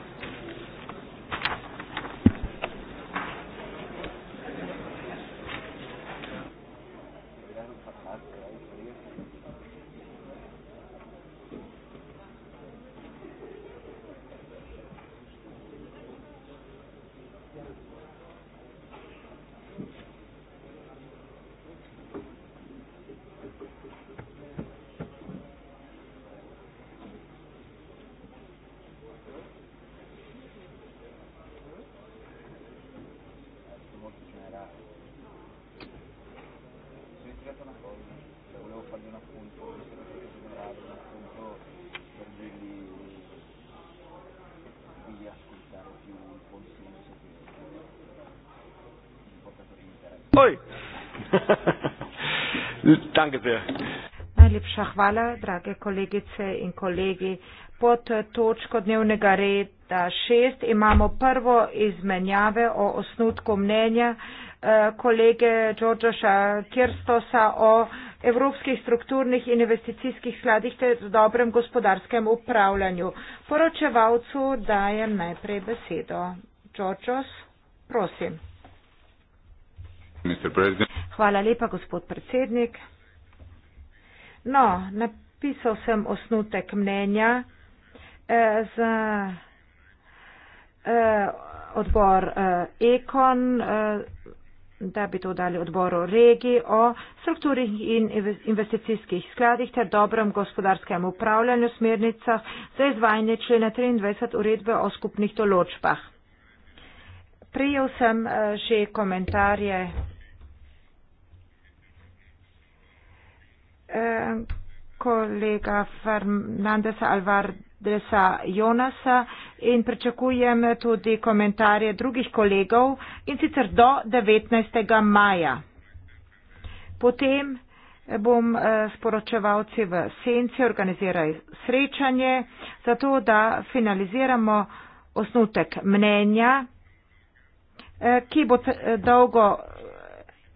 danke sehr. Najlepša hvala, drage kolegice in kolegi. Pod točko dnevnega reda 6 imamo prvo izmenjave o osnutku mnenja eh, kolege Đorđoša Kirstosa o evropskih strukturnih in investicijskih skladih ter dobrem gospodarskem upravljanju. Poročevalcu dajem najprej besedo. Đorđos, prosim. Hvala lepa, gospod predsednik. No, napisal sem osnutek mnenja eh, za eh, odbor eh, Ekon, eh, da bi to dali odboru regi o strukturi in investicijskih skladih ter dobrem gospodarskem upravljanju smernicah za izvajanje člena 23 uredbe o skupnih določbah. Prijel sem eh, že komentarje. eh, kolega Fernandesa Alvardesa Jonasa in pričakujem tudi komentarje drugih kolegov in sicer do 19. maja. Potem eh, bom eh, sporočevalci v senci organizirali srečanje, zato da finaliziramo osnutek mnenja, eh, ki bo eh, dolgo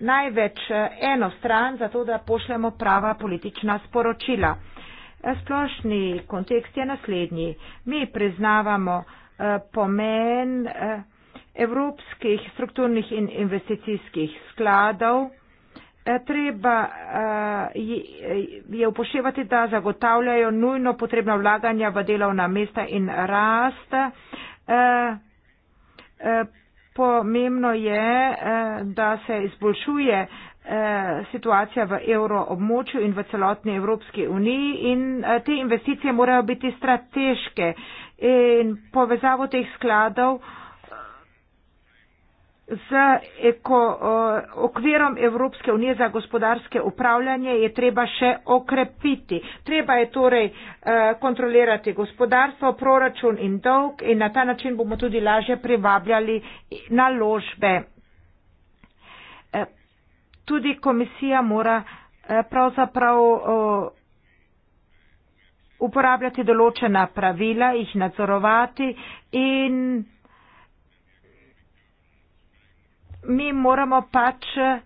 največ eh, eno stran, zato da pošljemo prava politična sporočila. Eh, splošni kontekst je naslednji. Mi priznavamo eh, pomen evropskih strukturnih in investicijskih skladov. Treba je upoštevati, da zagotavljajo nujno potrebna vlaganja v delovna mesta in rast pomembno je, eh, da se izboljšuje eh, situacija v evroobmočju in v celotni Evropski uniji in eh, te investicije morajo biti strateške. In povezavo teh skladov uh, z eko, uh, okvirom Evropske unije za gospodarske upravljanje je treba še okrepiti. Treba je torej uh, kontrolirati gospodarstvo, proračun in dolg in na ta način bomo tudi lažje privabljali naložbe. Uh, tudi komisija mora uh, pravzaprav. Uh, uporabljati določena pravila, jih nadzorovati in mi moramo pač eh,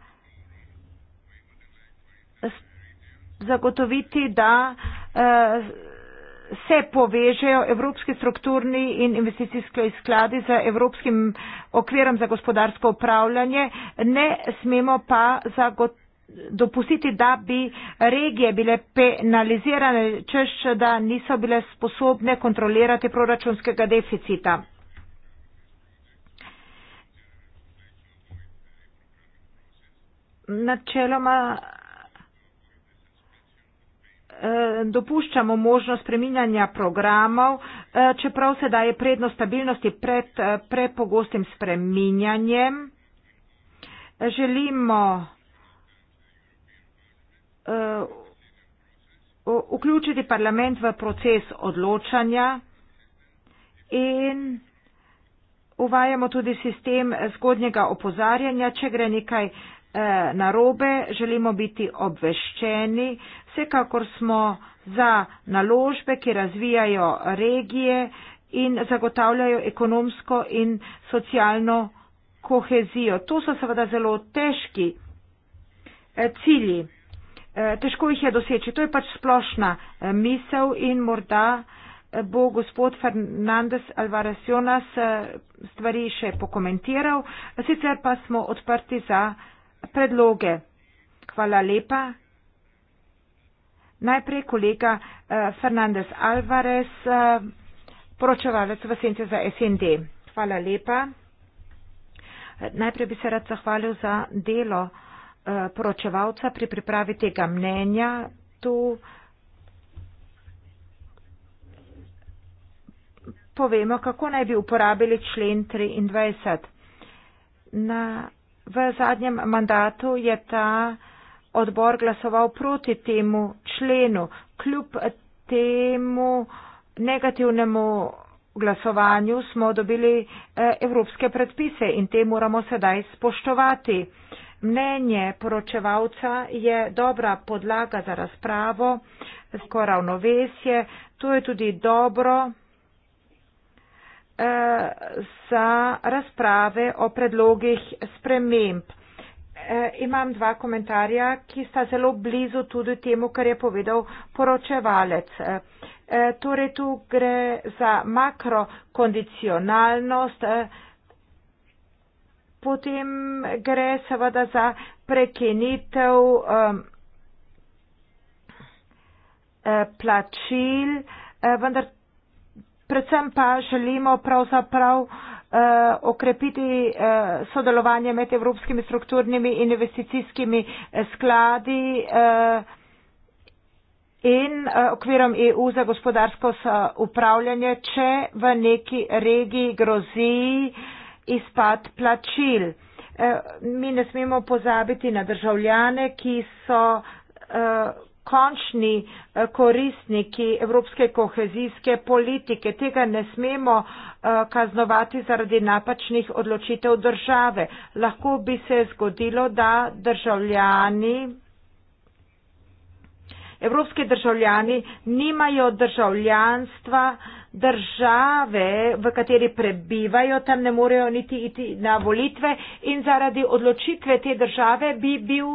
zagotoviti, da eh, se povežejo evropski strukturni in investicijski skladi z evropskim okvirom za gospodarsko upravljanje. Ne smemo pa dopustiti, da bi regije bile penalizirane, češče, da niso bile sposobne kontrolirati proračunskega deficita. načeloma eh, dopuščamo možnost preminjanja programov, eh, čeprav se daje prednost stabilnosti pred eh, prepogostim spreminjanjem. Želimo vključiti parlament v proces odločanja in uvajamo tudi sistem zgodnjega opozarjanja, če gre nekaj Eh, narobe, želimo biti obveščeni, vsekakor smo za naložbe, ki razvijajo regije in zagotavljajo ekonomsko in socialno kohezijo. To so seveda zelo težki eh, cilji. Eh, težko jih je doseči. To je pač splošna misel in morda bo gospod Fernandez Alvarez Jonas stvari še pokomentiral. Sicer pa smo odprti za predloge. Hvala lepa. Najprej kolega eh, Fernandez Alvarez, eh, poročevalec v Sence za SND. Hvala lepa. Najprej bi se rad zahvalil za delo eh, poročevalca pri pripravi tega mnenja. Tu povemo, kako naj bi uporabili člen 23. Na V zadnjem mandatu je ta odbor glasoval proti temu členu, kljub temu negativnemu glasovanju smo dobili eh, evropske predpise in te moramo sedaj spoštovati. Mnenje poročevalca je dobra podlaga za razpravo, skoraj ravnovesje, to je tudi dobro Eh, za razprave o predlogih sprememb. Eh, imam dva komentarja, ki sta zelo blizu tudi temu, kar je povedal poročevalec. Eh, torej, tu gre za makrokondicionalnost, potem gre seveda za prekinitev plačil, vendar Predvsem pa želimo pravzaprav eh, okrepiti eh, sodelovanje med evropskimi strukturnimi in investicijskimi eh, skladi eh, in eh, okvirom EU za gospodarsko upravljanje, če v neki regiji grozi izpad plačil. Eh, mi ne smemo pozabiti na državljane, ki so. Eh, končni eh, koristniki evropske kohezijske politike. Tega ne smemo eh, kaznovati zaradi napačnih odločitev države. Lahko bi se zgodilo, da državljani. Evropski državljani nimajo državljanstva države, v kateri prebivajo, tam ne morejo niti iti na volitve in zaradi odločitve te države bi bil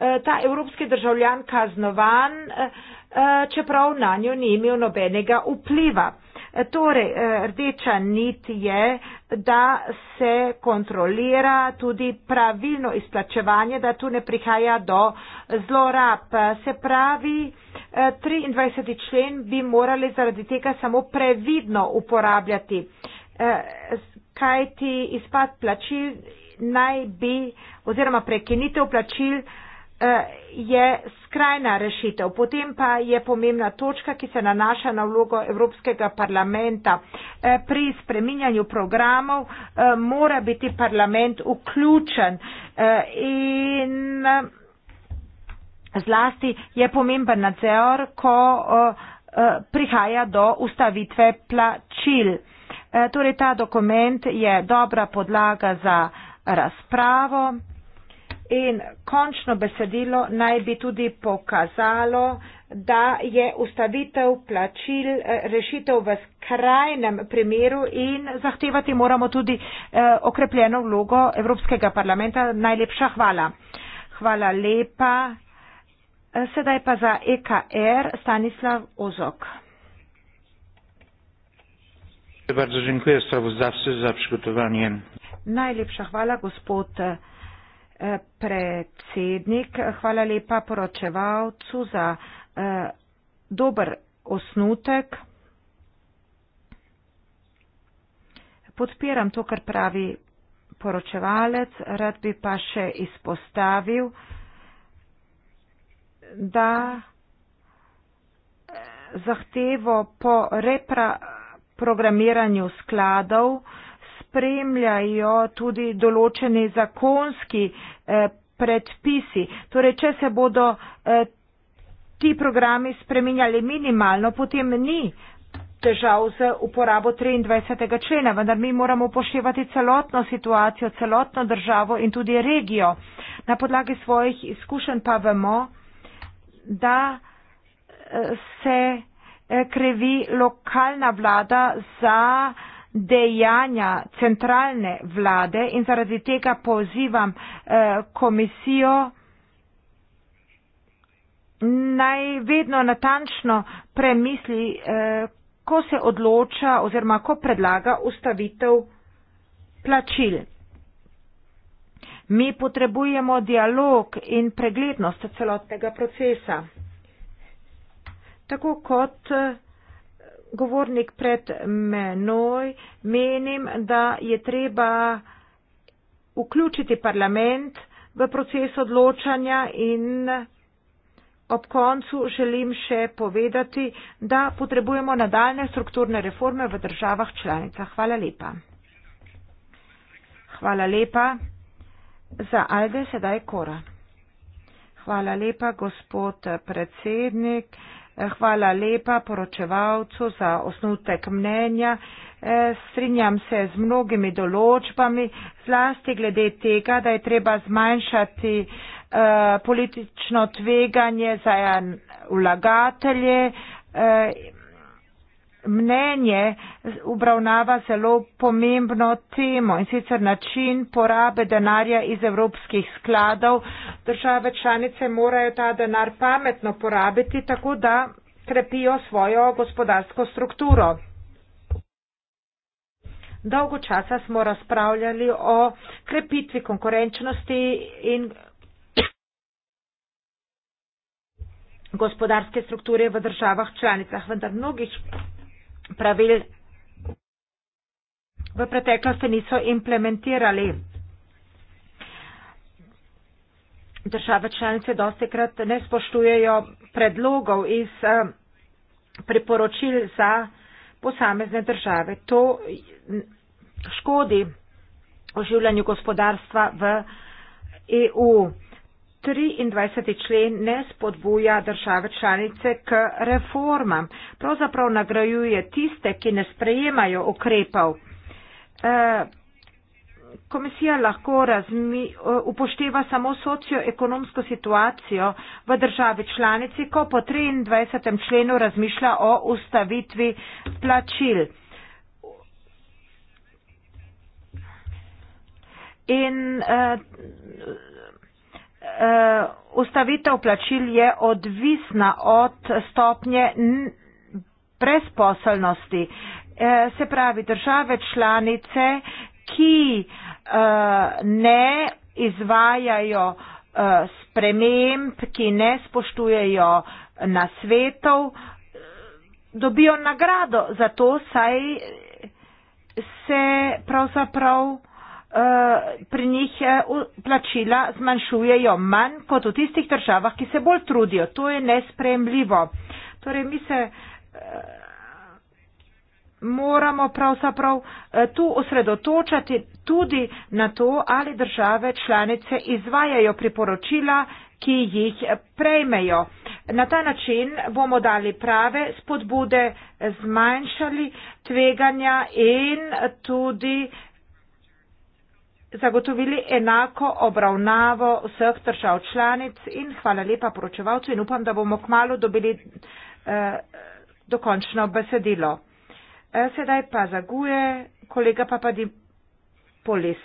Eh, ta evropski državljan kaznovan, eh, eh, čeprav na njo ni imel nobenega vpliva. Torej, rdeča nit je, da se kontrolira tudi pravilno izplačevanje, da tu ne prihaja do zlorab. Se pravi, 23. člen bi morali zaradi tega samo previdno uporabljati, kajti izpad plačil naj bi oziroma prekinitev plačil Eh, je skrajna rešitev. Potem pa je pomembna točka, ki se nanaša na vlogo Evropskega parlamenta. Eh, pri spreminjanju programov eh, mora biti parlament vključen in zlasti je pomemben nadzor, ko prihaja do ustavitve plačil. Torej ta dokument je dobra podlaga za razpravo. In končno besedilo naj bi tudi pokazalo, da je ustavitev plačil eh, rešitev v skrajnem primeru in zahtevati moramo tudi eh, okrepljeno vlogo Evropskega parlamenta. Najlepša hvala. Hvala lepa. Eh, sedaj pa za EKR Stanislav Ozok. Najlepša hvala, gospod predsednik, hvala lepa poročevalcu za eh, dober osnutek. Podpiram to, kar pravi poročevalec, rad bi pa še izpostavil, da eh, zahtevo po reprogramiranju skladov eh, spremljajo tudi določeni zakonski eh, predpisi. Torej, če se bodo eh, ti programi spreminjali minimalno, potem ni težav z uporabo 23. člena, vendar mi moramo upoštevati celotno situacijo, celotno državo in tudi regijo. Na podlagi svojih izkušenj pa vemo, da eh, se krivi lokalna vlada za dejanja centralne vlade in zaradi tega pozivam eh, komisijo naj vedno natančno premisli, eh, ko se odloča oziroma ko predlaga ustavitev plačil. Mi potrebujemo dialog in preglednost celotnega procesa. Tako kot eh, govornik pred menoj, menim, da je treba vključiti parlament v proces odločanja in ob koncu želim še povedati, da potrebujemo nadaljne strukturne reforme v državah članicah. Hvala lepa. Hvala lepa. Za Alde sedaj Kora. Hvala lepa, gospod predsednik. Hvala lepa poročevalcu za osnutek mnenja. E, strinjam se z mnogimi določbami, zlasti glede tega, da je treba zmanjšati e, politično tveganje za vlagatelje e, mnenje obravnava zelo pomembno temo in sicer način porabe denarja iz evropskih skladov. Države članice morajo ta denar pametno porabiti, tako da krepijo svojo gospodarsko strukturo. Dolgo časa smo razpravljali o krepitvi konkurenčnosti in gospodarske strukture v državah članicah, vendar mnogih pravil v preteklosti niso implementirali. Države članice dosti krat ne spoštujejo predlogov iz eh, priporočil za posamezne države. To škodi oživljanju gospodarstva v EU. 23. člen ne spodbuja države članice k reformam. Pravzaprav nagrajuje tiste, ki ne sprejemajo ukrepov. E, komisija lahko razmi, e, upošteva samo socioekonomsko situacijo v državi članici, ko po 23. členu razmišlja o ustavitvi plačil. In, uh, Eh, ustavitev plačil je odvisna od stopnje brezposelnosti. Eh, se pravi, države članice, ki eh, ne izvajajo sprememb, ki ne spoštujejo nasvetov, dobijo nagrado za to, saj se pravzaprav Eh, pri njih eh, plačila zmanjšujejo manj kot v tistih državah, ki se bolj trudijo. To je nespremljivo. Torej, mi se eh, moramo pravzaprav tu osredotočati tudi na to, ali države članice izvajajo priporočila, ki jih prejmejo. Na ta način bomo dali prave spodbude, zmanjšali tveganja in tudi eh, zagotovili enako obravnavo vseh držav članic in hvala lepa poročevalcu in upam, da bomo kmalo dobili eh, dokončno besedilo. Eh, sedaj pa zaguje kolega Papadi Polis.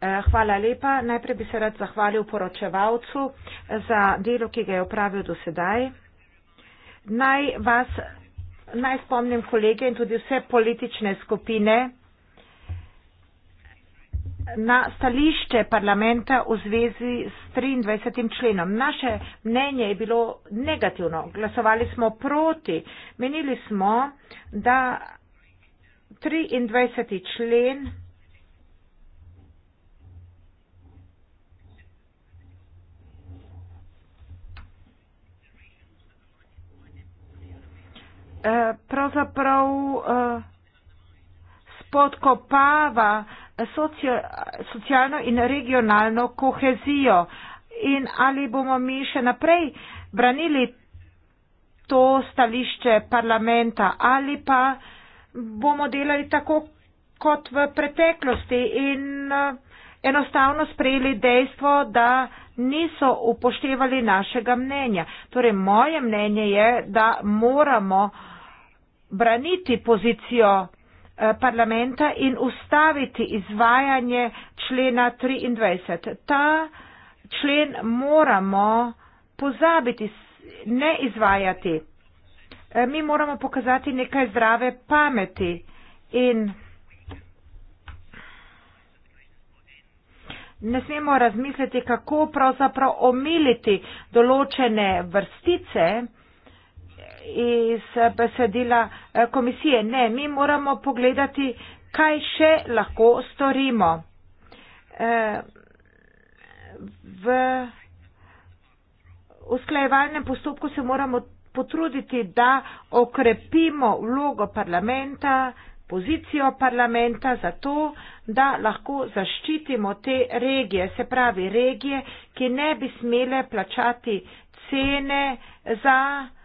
Eh, hvala lepa. Najprej bi se rad zahvalil poročevalcu eh, za delo, ki ga je upravil do sedaj. Naj vas, naj spomnim kolege in tudi vse politične skupine, na stališče parlamenta v zvezi s 23. členom. Naše mnenje je bilo negativno. Glasovali smo proti. Menili smo, da 23. člen eh, pravzaprav eh, spodkopava socio, socialno in regionalno kohezijo in ali bomo mi še naprej branili to stališče parlamenta ali pa bomo delali tako kot v preteklosti in eh, enostavno sprejeli dejstvo, da niso upoštevali našega mnenja. Torej, moje mnenje je, da moramo braniti pozicijo Eh, parlamenta in ustaviti izvajanje člena 23. Ta člen moramo pozabiti, ne izvajati. Eh, mi moramo pokazati nekaj zdrave pameti in ne smemo razmisliti, kako pravzaprav omiliti določene vrstice, iz eh, besedila eh, komisije. Ne, mi moramo pogledati, kaj še lahko storimo. Eh, v usklajevalnem postopku se moramo potruditi, da okrepimo vlogo parlamenta, pozicijo parlamenta za to, da lahko zaščitimo te regije, se pravi regije, ki ne bi smele plačati cene za uh,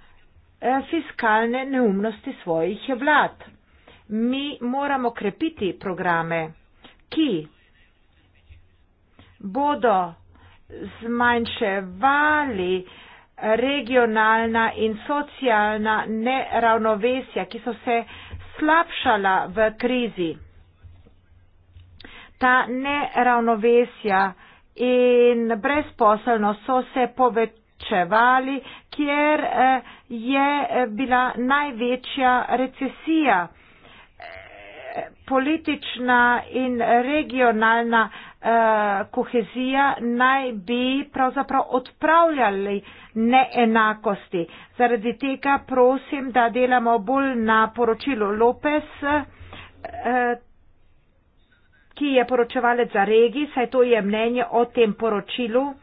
Eh, fiskalne neumnosti svojih vlad. Mi moramo krepiti programe, ki bodo zmanjševali regionalna in socialna neravnovesja, ki so se slabšala v krizi. Ta neravnovesja in brezposelnost so se povečevali, kjer eh, je eh, bila največja recesija eh, politična in regionalna kohezija naj bi pravzaprav odpravljali neenakosti. Zaradi tega prosim, da delamo bolj na poročilo Lopez, ki je poročevalec za regi, saj to je mnenje o tem poročilu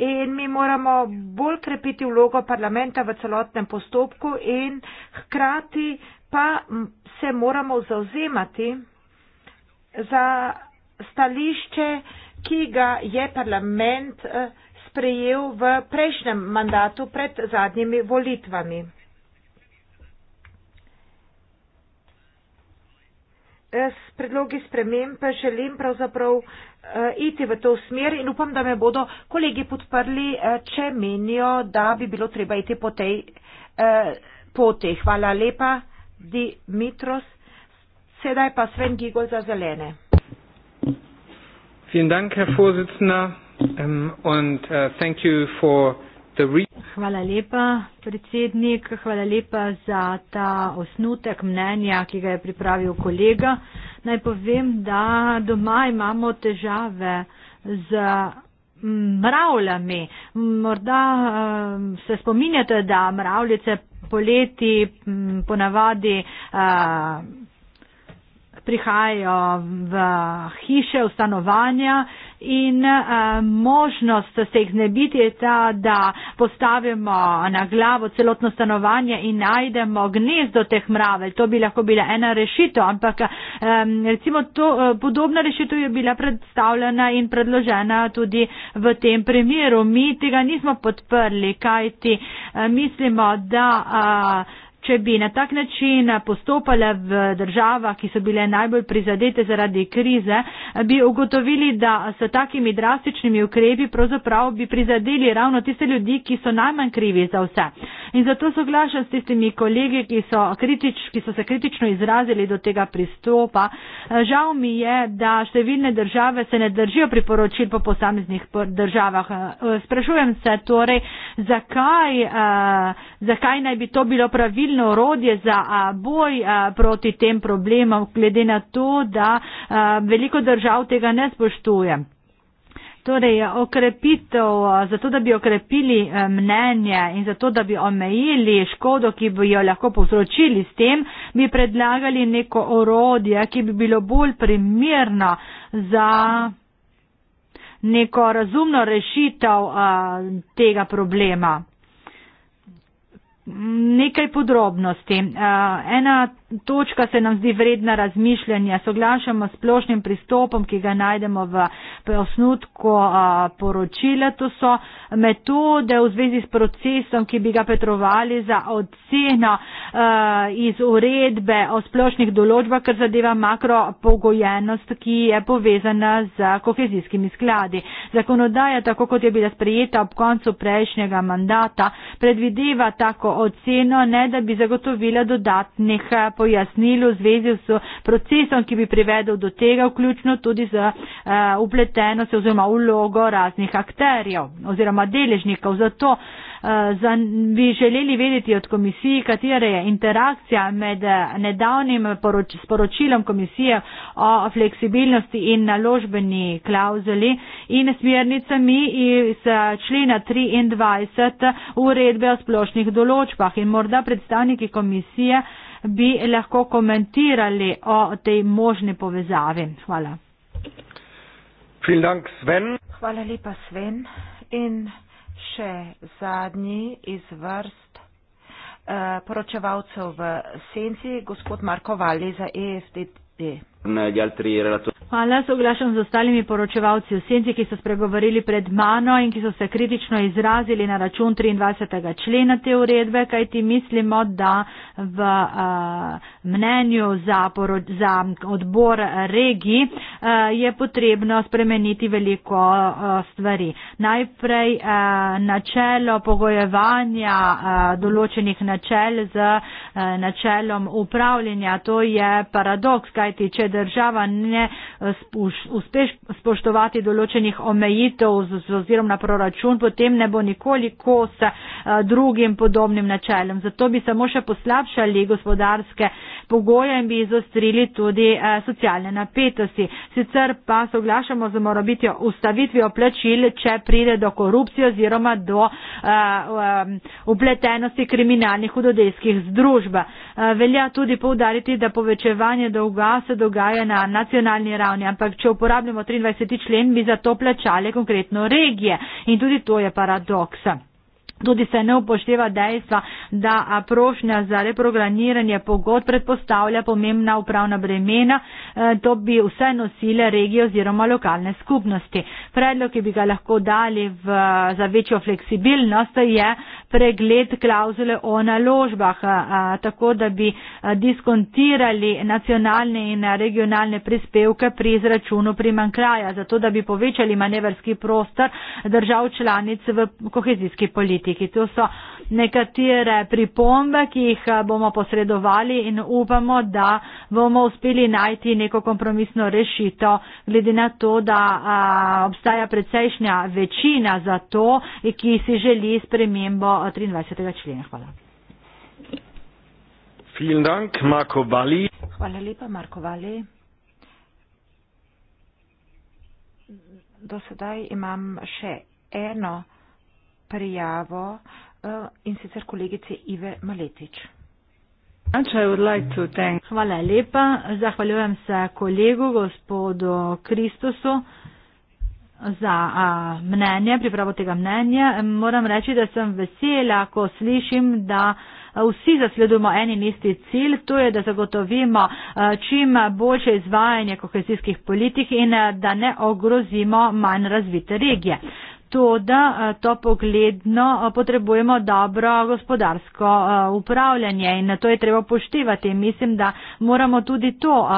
in mi moramo bolj krepiti vlogo parlamenta v celotnem postopku in hkrati pa se moramo zauzemati za stališče, ki ga je parlament eh, sprejel v prejšnjem mandatu pred zadnjimi volitvami. Eh, s predlogi sprememb želim pravzaprav Eh, iti v to smer in upam, da me bodo kolegi podprli, eh, če menijo, da bi bilo treba iti po tej eh, poti. Hvala lepa, Dimitros. Sedaj pa Sven Gigol za zelene. Ähm, äh, Hvala lepa, predsednik. Hvala lepa za ta osnutek mnenja, ki ga je pripravil kolega naj povem, da doma imamo težave z mm, mravljami. Morda mm, se spominjate, da mravljice poleti mm, ponavadi. Uh, prihajajo v hiše, v stanovanja in uh, možnost se jih znebiti je ta, da postavimo na glavo celotno stanovanje in najdemo gnezdo teh mravelj. To bi lahko bila ena rešitev, ampak um, recimo to, uh, podobna rešitev je bila predstavljena in predložena tudi v tem primeru. Mi tega nismo podprli, kajti uh, mislimo, da. Uh, Če bi na tak način postopale v državah, ki so bile najbolj prizadete zaradi krize, bi ugotovili, da s takimi drastičnimi ukrepi pravzaprav bi prizadeli ravno tiste ljudi, ki so najmanj krivi za vse. In zato soglašam s tistimi kolegi, ki so, kritič, ki so se kritično izrazili do tega pristopa. Žal mi je, da številne države se ne držijo priporočil po posameznih državah. Sprašujem se torej, zakaj, eh, zakaj naj bi to bilo pravilno? pravilno orodje za boj proti tem problemom, glede na to, da veliko držav tega ne spoštuje. Torej, okrepitev, zato da bi okrepili mnenje in zato da bi omejili škodo, ki bi jo lahko povzročili s tem, bi predlagali neko orodje, ki bi bilo bolj primirno za neko razumno rešitev tega problema nekaj podrobnosti. Eh, ena točka se nam zdi vredna razmišljanja. Soglašamo s splošnim pristopom, ki ga najdemo v osnutku poročila. To so metode v zvezi s procesom, ki bi ga petrovali za oceno iz uredbe o splošnih določbah, kar zadeva makropogojenost, ki je povezana z kohezijskimi skladi. Zakonodaja, tako kot je bila sprejeta ob koncu prejšnjega mandata, predvideva tako oceno, ne da bi zagotovila dodatnih področij pojasnilo v zvezi s procesom, ki bi privedel do tega, vključno tudi z upletenostjo eh, oziroma vlogo raznih akterjev oziroma deležnikov. Zato eh, za, bi želeli vedeti od komisije, katera je interakcija med eh, nedavnim poroč, sporočilom komisije o fleksibilnosti in naložbeni klauzuli in smernicami iz člena 23 uredbe o splošnih določbah. In morda predstavniki komisije uh, bi lahko komentirali o tej možni povezavi. Hvala. Dank, Sven. Hvala lepa, Sven. In še zadnji iz vrst eh, poročevalcev v senci, gospod Marko Vali za EFTP in eh, gli altri relatori. Hvala, soglašam z ostalimi poročevalci v senci, ki so spregovorili pred mano in ki so se kritično izrazili na račun 23. člena te uredbe, kajti mislimo, da v uh, mnenju za, poroč, za odbor regij uh, je potrebno spremeniti veliko uh, stvari. Najprej uh, načelo pogojevanja uh, določenih načel z uh, načelom upravljanja, to je paradoks, kajti če država ne eh, uspeš spoštovati določenih omejitev oziroma na proračun, potem ne bo nikoli kos eh, drugim podobnim načelom. Zato bi samo še poslabšali gospodarske pogoje in bi izostrili tudi eh, socialne napetosti. Sicer pa soglašamo z morabitjo ustavitvijo plačil, če pride do korupcije oziroma do upletenosti kriminalnih hudodejskih združb. Velja tudi povdariti, da povečevanje dolga se dogaja zdaj je na nacionalni ravni, ampak če uporabljamo 23. člen, bi za to plačale konkretno regije. In tudi to je paradoks. Tudi se ne upošteva dejstva, da prošnja za reprogramiranje pogod predpostavlja pomembna upravna bremena, eh, to bi vse nosile regije oziroma lokalne skupnosti. Predlog, ki bi ga lahko dali v, za večjo fleksibilnost, je pregled klauzule o naložbah, tako da bi diskontirali nacionalne in regionalne prispevke pri izračunu primankljaja, zato da bi povečali manevrski prostor držav članic v kohezijski politiki. To so nekatere pripombe, ki jih eh, bomo posredovali in upamo, da bomo uspeli najti neko kompromisno rešito, glede na to, da a, eh, obstaja precejšnja večina za to, ki si želi spremembo 23. Eh, člena. Hvala. Dank, Marko Vali. Hvala lepa, Marko Vali. Do sedaj imam še eno prijavo. Uh, Eh, in sicer kolegice Ive Maletič. Hvala lepa. Zahvaljujem se kolegu, gospodu Kristusu, za mnenje, pripravo tega mnenja. Moram reči, da sem vesela, ko slišim, da vsi zasledujemo en in isti cilj, to je, da zagotovimo čim boljše izvajanje kohezijskih politik in da ne ogrozimo manj razvite regije toda to eh, pogledno eh, potrebujemo dobro gospodarsko eh, upravljanje in to je treba upoštevati. Mislim, da moramo tudi to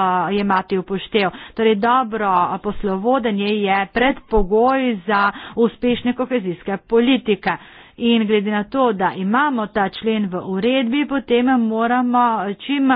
imati upoštev. Torej, dobro poslovodanje je predpogoj za uspešne kohezijske politike. In glede na to, da imamo ta člen v uredbi, potem moramo čim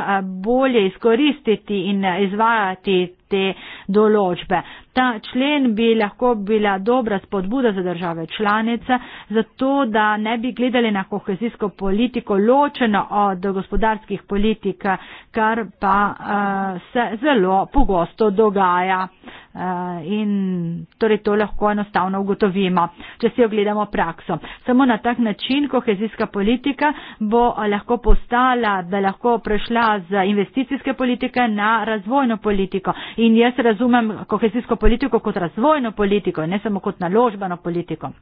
bolje izkoristiti in izvajati te določbe. Ta člen bi lahko bila dobra spodbuda za države članice, zato da ne bi gledali na kohezijsko politiko ločeno od gospodarskih politik, kar pa uh, se zelo pogosto dogaja. Uh, Eh, in torej to lahko enostavno ugotovimo, če si ogledamo prakso. Samo na tak način kohezijska politika bo eh, lahko postala, da lahko prešla z investicijske politike na razvojno politiko. In jaz razumem kohezijsko politiko kot razvojno politiko, ne samo kot naložbeno politiko.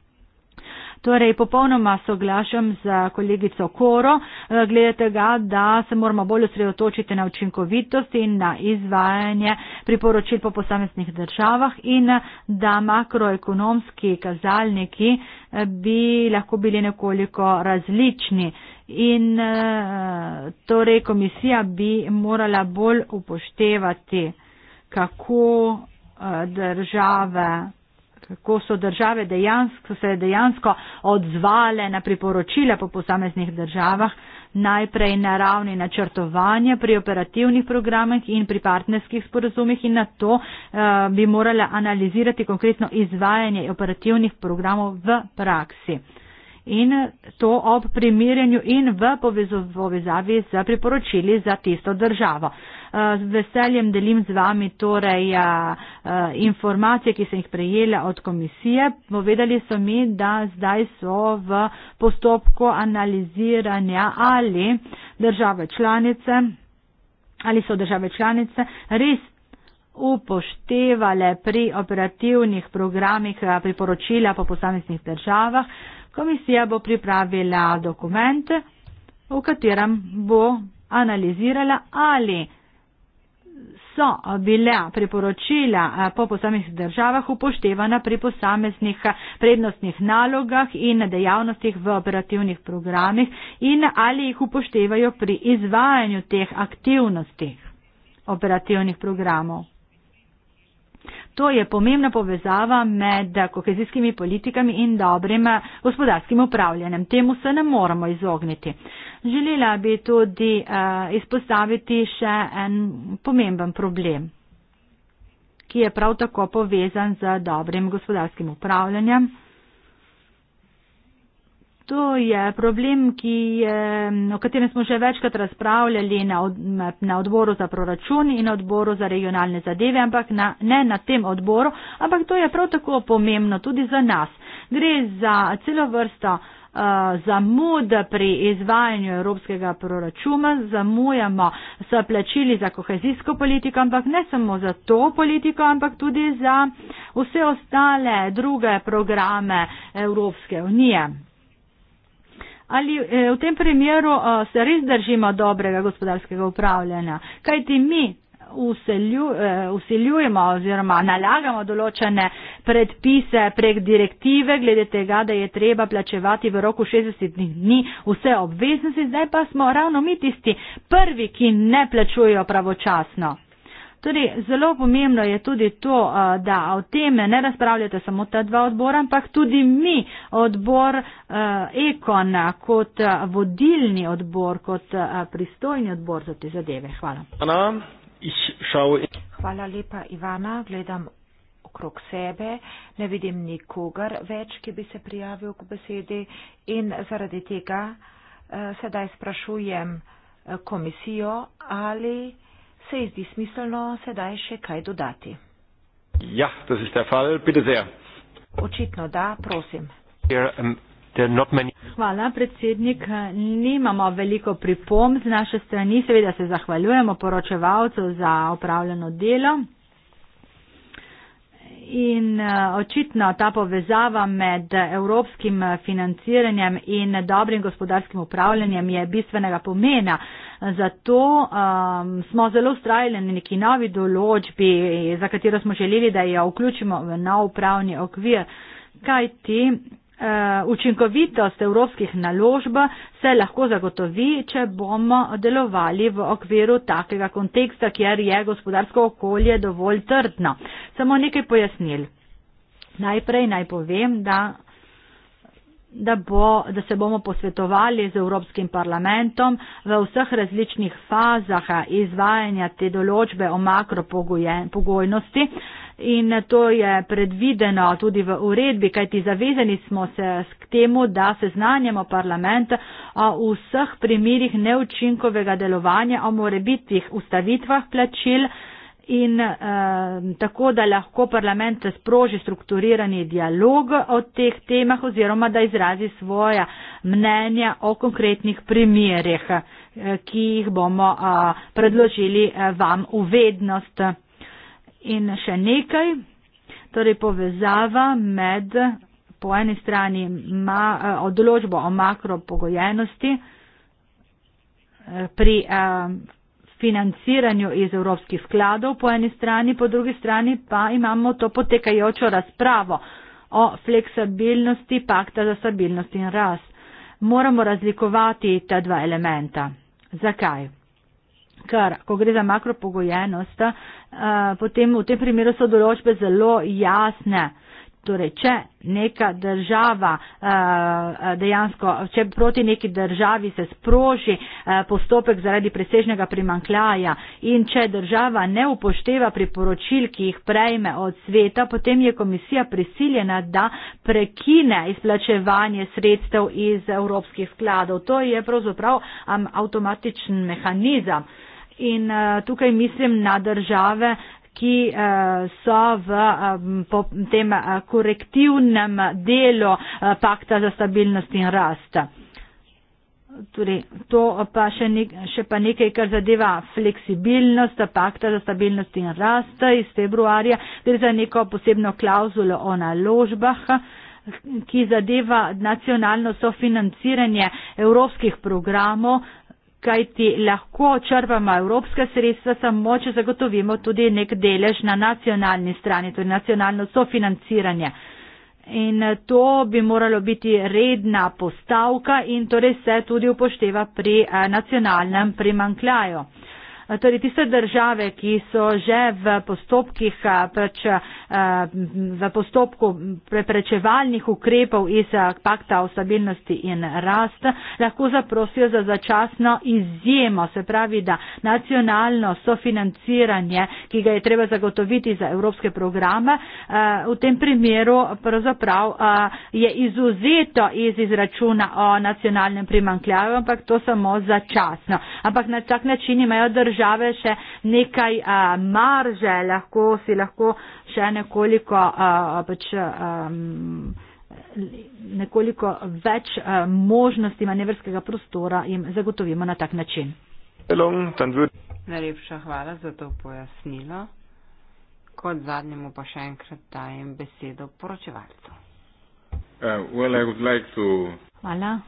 Torej, popolnoma soglašam z kolegico Koro, eh, glede tega, da se moramo bolj osredotočiti na učinkovitost in na izvajanje priporočil po posameznih državah in eh, da makroekonomski kazalniki eh, bi lahko bili nekoliko različni. In torej komisija bi morala bolj upoštevati, kako države kako so države dejansko, se dejansko odzvale na priporočila po posameznih državah, najprej na ravni načrtovanja pri operativnih programih in pri partnerskih sporozumih in na to eh, bi morala analizirati konkretno izvajanje operativnih programov v praksi. In to ob primirjenju in v povezavi z priporočili za tisto državo. Eh, z veseljem delim z vami torej eh, eh, informacije, ki sem jih prejela od komisije. Povedali so mi, da zdaj so v postopku analiziranja ali države članice, ali so države članice res upoštevale pri operativnih programih priporočila po posameznih državah. Komisija bo pripravila dokument, v katerem bo analizirala ali so bile priporočila eh, po posameznih državah upoštevana pri posameznih eh, prednostnih nalogah in dejavnostih v operativnih programih in ali jih upoštevajo pri izvajanju teh aktivnosti operativnih programov. To je pomembna povezava med kohezijskimi politikami in dobrim eh, gospodarskim upravljanjem. Temu se ne moramo izogniti. Želela bi tudi uh, izpostaviti še en pomemben problem, ki je prav tako povezan z dobrim gospodarskim upravljanjem. To je problem, ki, o katerem smo že večkrat razpravljali na, od, na odboru za proračun in na odboru za regionalne zadeve, ampak na, ne na tem odboru, ampak to je prav tako pomembno tudi za nas. Gre za celo vrsto uh, Eh, zamuda pri izvajanju evropskega proračuna, zamujamo s plačili za kohezijsko politiko, ampak ne samo za to politiko, ampak tudi za vse ostale druge programe Evropske unije. Ali eh, v tem primeru eh, se res držimo dobrega gospodarskega upravljanja? Kajti mi vselju, eh, vseljujemo oziroma nalagamo določene predpise prek direktive glede tega, da je treba plačevati v roku 60 dni vse obveznosti, zdaj pa smo ravno mi tisti prvi, ki ne plačujejo pravočasno. Torej, zelo pomembno je tudi to, eh, da o tem ne razpravljate samo ta dva odbora, ampak tudi mi, odbor eh, Ekon, kot eh, vodilni odbor, kot pristojni odbor za te zadeve. Hvala. Hvala. Hvala lepa, Ivana. Gledam okrog sebe, ne vidim nikogar več, ki bi se prijavil k besedi in zaradi tega eh, sedaj sprašujem eh, komisijo, ali se ji zdi smiselno sedaj še kaj dodati. Ja, to je stefal, pite se. Očitno da, prosim. Um, Hvala, predsednik. Nimamo veliko pripomb z naše strani. Seveda se zahvaljujemo poročevalcu za opravljeno delo. In eh, očitno ta povezava med evropskim financiranjem in dobrim gospodarskim upravljanjem je bistvenega pomena. Zato um, smo zelo ustrajali na neki novi določbi, za katero smo želeli, da jo vključimo v nov upravni okvir. Kaj ti? Eh, učinkovitost evropskih naložb se lahko zagotovi, če bomo delovali v okviru takega konteksta, kjer je gospodarsko okolje dovolj trdno. Samo nekaj pojasnil. Najprej naj povem, da. Da, bo, da se bomo posvetovali z Evropskim parlamentom v vseh različnih fazah izvajanja te določbe o makropogojnosti. Pogoj, in to je predvideno tudi v uredbi, kajti zavezani smo se k temu, da seznanjamo parlament o vseh primerih neučinkovega delovanja, o morebitih ustavitvah plačil. In eh, tako, da lahko parlament sproži strukturirani dialog o teh temah oziroma da izrazi svoja mnenja o konkretnih primerjih, eh, ki jih bomo eh, predložili eh, vam v vednost. In še nekaj, torej povezava med po eni strani ma, eh, odločbo o makropogojenosti eh, pri eh, financiranju iz evropskih skladov po eni strani, po drugi strani pa imamo to potekajočo razpravo o fleksibilnosti pakta za stabilnost in rast. Moramo razlikovati ta dva elementa. Zakaj? Ker, ko gre za makropogojenost, eh, potem v tem primeru so določbe zelo jasne. Torej, če neka država eh, dejansko, če proti neki državi se sproži eh, postopek zaradi presežnega primankljaja in če država ne upošteva priporočil, ki jih prejme od sveta, potem je komisija prisiljena, da prekine izplačevanje sredstev iz evropskih skladov. To je pravzaprav um, avtomatičen mehanizem in eh, tukaj mislim na države, ki eh, so v eh, tem korektivnem delu pakta za stabilnost in rast. Torej, to pa še, nek, še pa nekaj, kar zadeva fleksibilnost pakta za stabilnost in rast iz februarja. Gre za neko posebno klauzulo o naložbah, ki zadeva nacionalno sofinanciranje evropskih programov kajti lahko črpamo evropska sredstva samo, če zagotovimo tudi nek delež na nacionalni strani, torej nacionalno sofinanciranje. In eh, to bi moralo biti redna postavka in torej se tudi upošteva pri eh, nacionalnem primankljaju. Eh, torej tiste države, ki so že v postopkih, pač v postopku preprečevalnih ukrepov iz pakta o stabilnosti in rast, lahko zaprosijo za začasno izjemo, se pravi, da nacionalno sofinanciranje, ki ga je treba zagotoviti za evropske programe, v tem primeru pravzaprav je izuzeto iz izračuna o nacionalnem primankljaju, ampak to samo začasno. Ampak na tak način imajo države, države še nekaj uh, marže, lahko si lahko še nekoliko, uh, pač, um, nekoliko več uh, možnosti manevrskega prostora jim zagotovimo na tak način. Najlepša hvala za to pojasnilo. Kot zadnjemu pa še enkrat dajem besedo poročevalcu. Uh, well, like to... Hvala.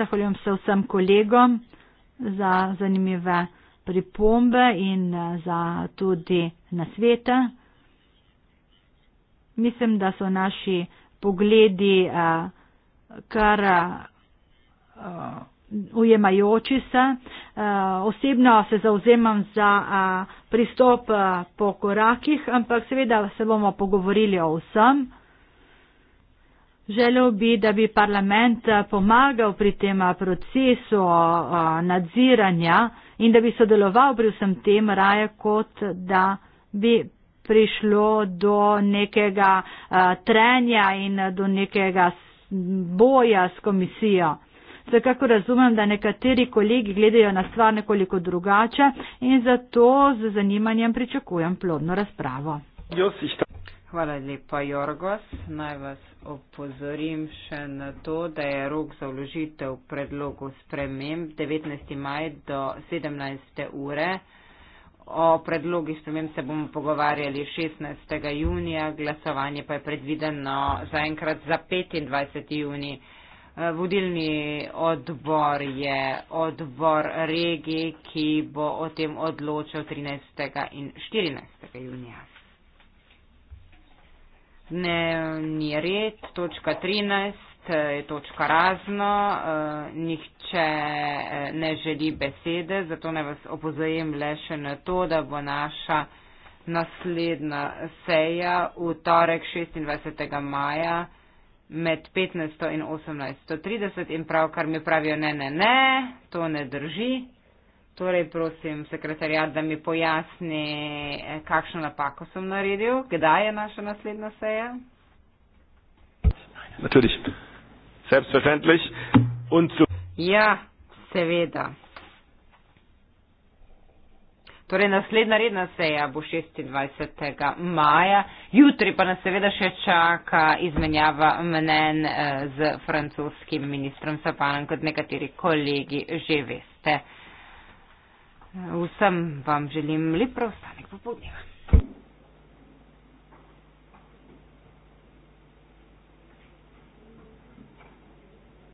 Zahvaljujem se vsem kolegom za zanimive pripombe in eh, za tudi nasvete. Mislim, da so naši pogledi eh, kar eh, ujemajoči se. Osebno se zauzemam za pristop po korakih, ampak seveda se bomo pogovorili o vsem. Želel bi, da bi parlament eh, pomagal pri tem eh, procesu eh, nadziranja in da bi sodeloval pri vsem tem raje kot da bi prišlo do nekega trenja in do nekega boja s komisijo. Vsekakor razumem, da nekateri kolegi gledajo na stvar nekoliko drugače in zato z zanimanjem pričakujem plodno razpravo. Hvala lepa, Jorgos. Naj vas opozorim še na to, da je rok za vložitev predlogu sprememb 19. maj do 17. ure. O predlogih spremem se bomo pogovarjali 16. junija, glasovanje pa je predvideno zaenkrat za 25. juni. Eh, vodilni odbor je odbor regije, ki bo o tem odločal 13. in 14. junija. Dnevni red, točka 13, eh, je točka razno, eh, nihče eh, ne želi besede, zato ne vas opozorim le še na to, da bo naša naslednja seja v torek 26. maja med 15. in 18.30 in pravkar mi pravijo ne, ne, ne, to ne drži. Torej, prosim sekretarjat, da mi pojasni, eh, kakšno napako sem naredil, kdaj je naša naslednja seja. Ja, seveda. Torej, naslednja redna seja bo 26. maja, jutri pa nas seveda še čaka izmenjava mnen eh, z francoskim ministrom Sapanom, kot nekateri kolegi že veste. Vsem vam želim lep preostanek popoldneva.